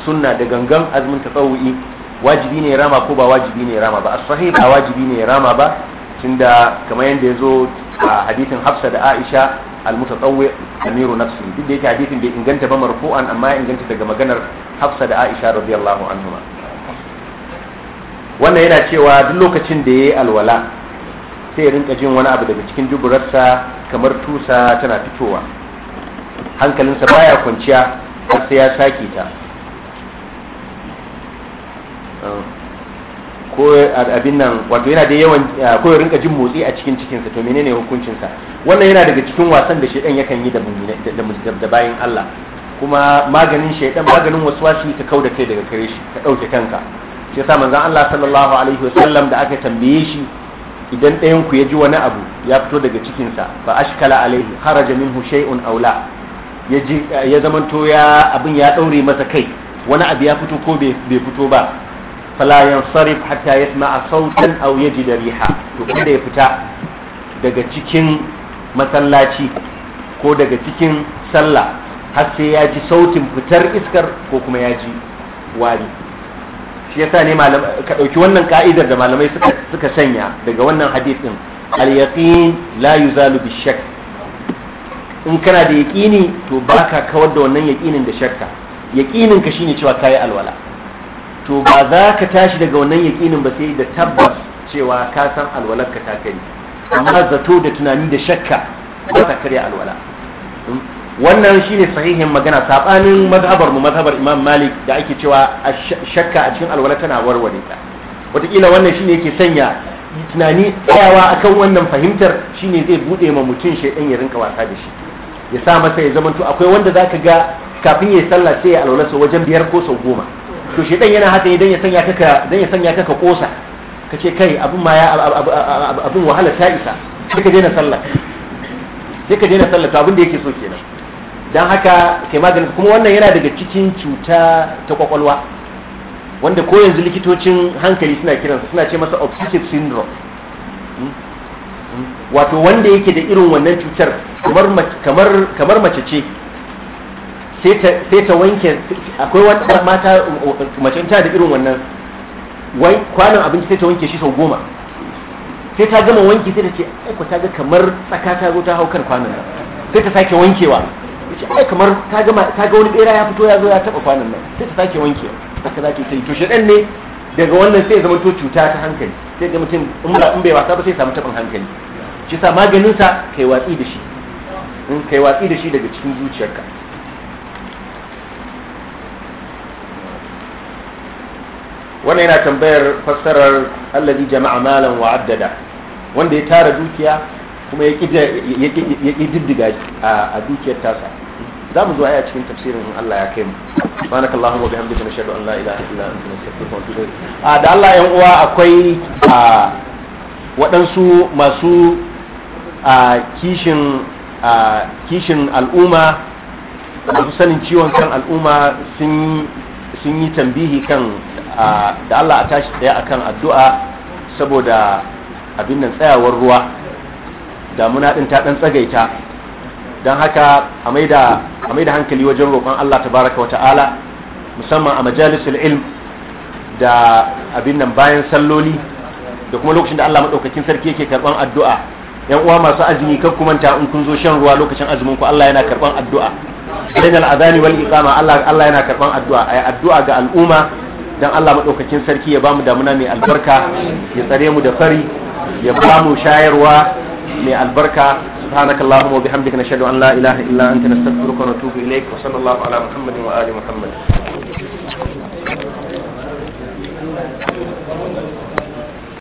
Speaker 1: sunna da gangan azumin tasawu'i wajibi ne rama ko ba wajibi ne rama ba as-sahih ba wajibi ne rama ba tunda kamar yadda ya zo a hadithin Hafsa da Aisha al-mutatawwi amiru nafsi duk da yake hadithin bai inganta ba marfu'an amma ya inganta daga maganar Hafsa da Aisha radiyallahu anhuma wannan yana cewa duk lokacin da ya yi alwala sai ya rinka jin wani abu daga cikin duburarsa kamar tusa tana fitowa hankalinsa baya kwanciya har sai ya sake ta ko abin nan wato yana da yawan ko ya rinka jin motsi a cikin cikinsa to menene hukuncinsa wannan yana daga cikin wasan da shaidan yakan yi da bayan Allah kuma maganin shaidan maganin waswasi ka kauda kai daga kare shi ka ɗauke kanka shi yasa manzon Allah sallallahu alaihi wasallam da aka tambaye shi idan ɗayan ku ya ji wani abu ya fito daga cikinsa fa ashkala alaihi kharaja minhu shay'un aw la ya ji ya zamanto ya abin ya daure masa kai wani abu ya fito ko bai fito ba fala yansarif hatta yasma'a sautan aw yajida riha to kada ya fita daga cikin masallaci ko daga cikin sallah har sai ya ji sautin fitar iskar ko kuma ya ji wari shi yasa ne ka ɗauki wannan ka'idar da malamai suka sanya daga wannan hadisin al-yaqin la yuzalu bi shakk in kana da yaqini to baka kawar da wannan yaqinin da shakka yaqinin ka shine cewa kai alwala to ba za ka tashi daga wannan yaqinin ba sai da tabbas cewa ka san alwalar ka ta kai amma zato da tunani da shakka ba ta kare alwala wannan shine sahihin magana saɓanin mazhabar mu mazhabar Imam Malik da ake cewa shakka a cikin alwala tana warware ta wataƙila wannan shine yake sanya tunani tsayawa akan wannan fahimtar shine zai bude ma mutum shaidan ya rinka wasa da shi ya sa masa ya zamanto akwai wanda zaka ga kafin ya sallah sai ya alwala sau wajen biyar ko sau goma to shaidan yana haka idan ya dan ya sanya kaka kosa kace kai abin ma abin wahala ta isa sai ka daina sallah sai ka daina sallah to abin da yake so kenan don haka ke maganin kuma wannan yana daga cikin cuta ta kwakwalwa wanda ko yanzu likitocin hankali suna kiransa suna ce masa obsessive syndrome hmm? Hmm? wato wanda yake da irin wannan cutar kamar mace ce sai ta wanke akwai wata mata mace ta da irin wannan kwanan abinci sai ta wanke shi sau goma sai ta gama wanki sai ta ce aiko ta ga kamar tsaka ta zo ta hau kan kwanan sai ta sake wankewa yace ai kamar ka ga ka ga wani bera ya fito ya zo ya taba kwanan nan sai ta sake wanke haka zaki sai to shedan ne daga wannan sai ya zama to cuta ta hankali sai ga mutum in ba in bai wasa ba sai samu tabin hankali shi sa maganin sa kai watsi da shi in hmm, kai watsi da shi daga cikin zuciyarka wannan yana tambayar fassarar allazi jama'a malan wa addada wanda ya tara dukiya kuma ya ƙi diddiga a dukiyar tasa za mu zo aya cikin tafsirin in Allah ya kai mu subhanaka allahumma bihamdika nashhadu an la ilaha illa anta nastaghfiruka wa natubu ah, da Allah yan uwa akwai ah, waɗansu masu ah, kishin kishin al'umma masu sanin ciwon kan al'umma sun yi tambihi kan da Allah a tashi tsaye akan addu'a saboda abin nan tsayawar ruwa damuna ɗin ta ɗan tsagaita don haka a mai da hankali wajen roƙon Allah tabaraka wata'ala musamman a majalisul ilm da abin nan bayan salloli da kuma lokacin da Allah maɗaukakin sarki yake karɓan addu'a yan uwa masu azumi kan ta in kun zo shan ruwa lokacin azumin ku Allah yana karɓan addu'a bayan al'azani wal iqama Allah Allah yana karɓan addu'a yi addu'a ga al'umma dan Allah maɗaukakin sarki ya bamu damuna mai albarka ya tsare mu da fari ya bamu shayarwa mai albarka سبحانك اللهم وبحمدك نشهد أن لا إله إلا أنت نستغفرك ونتوب إليك وصلى الله على محمد وآل محمد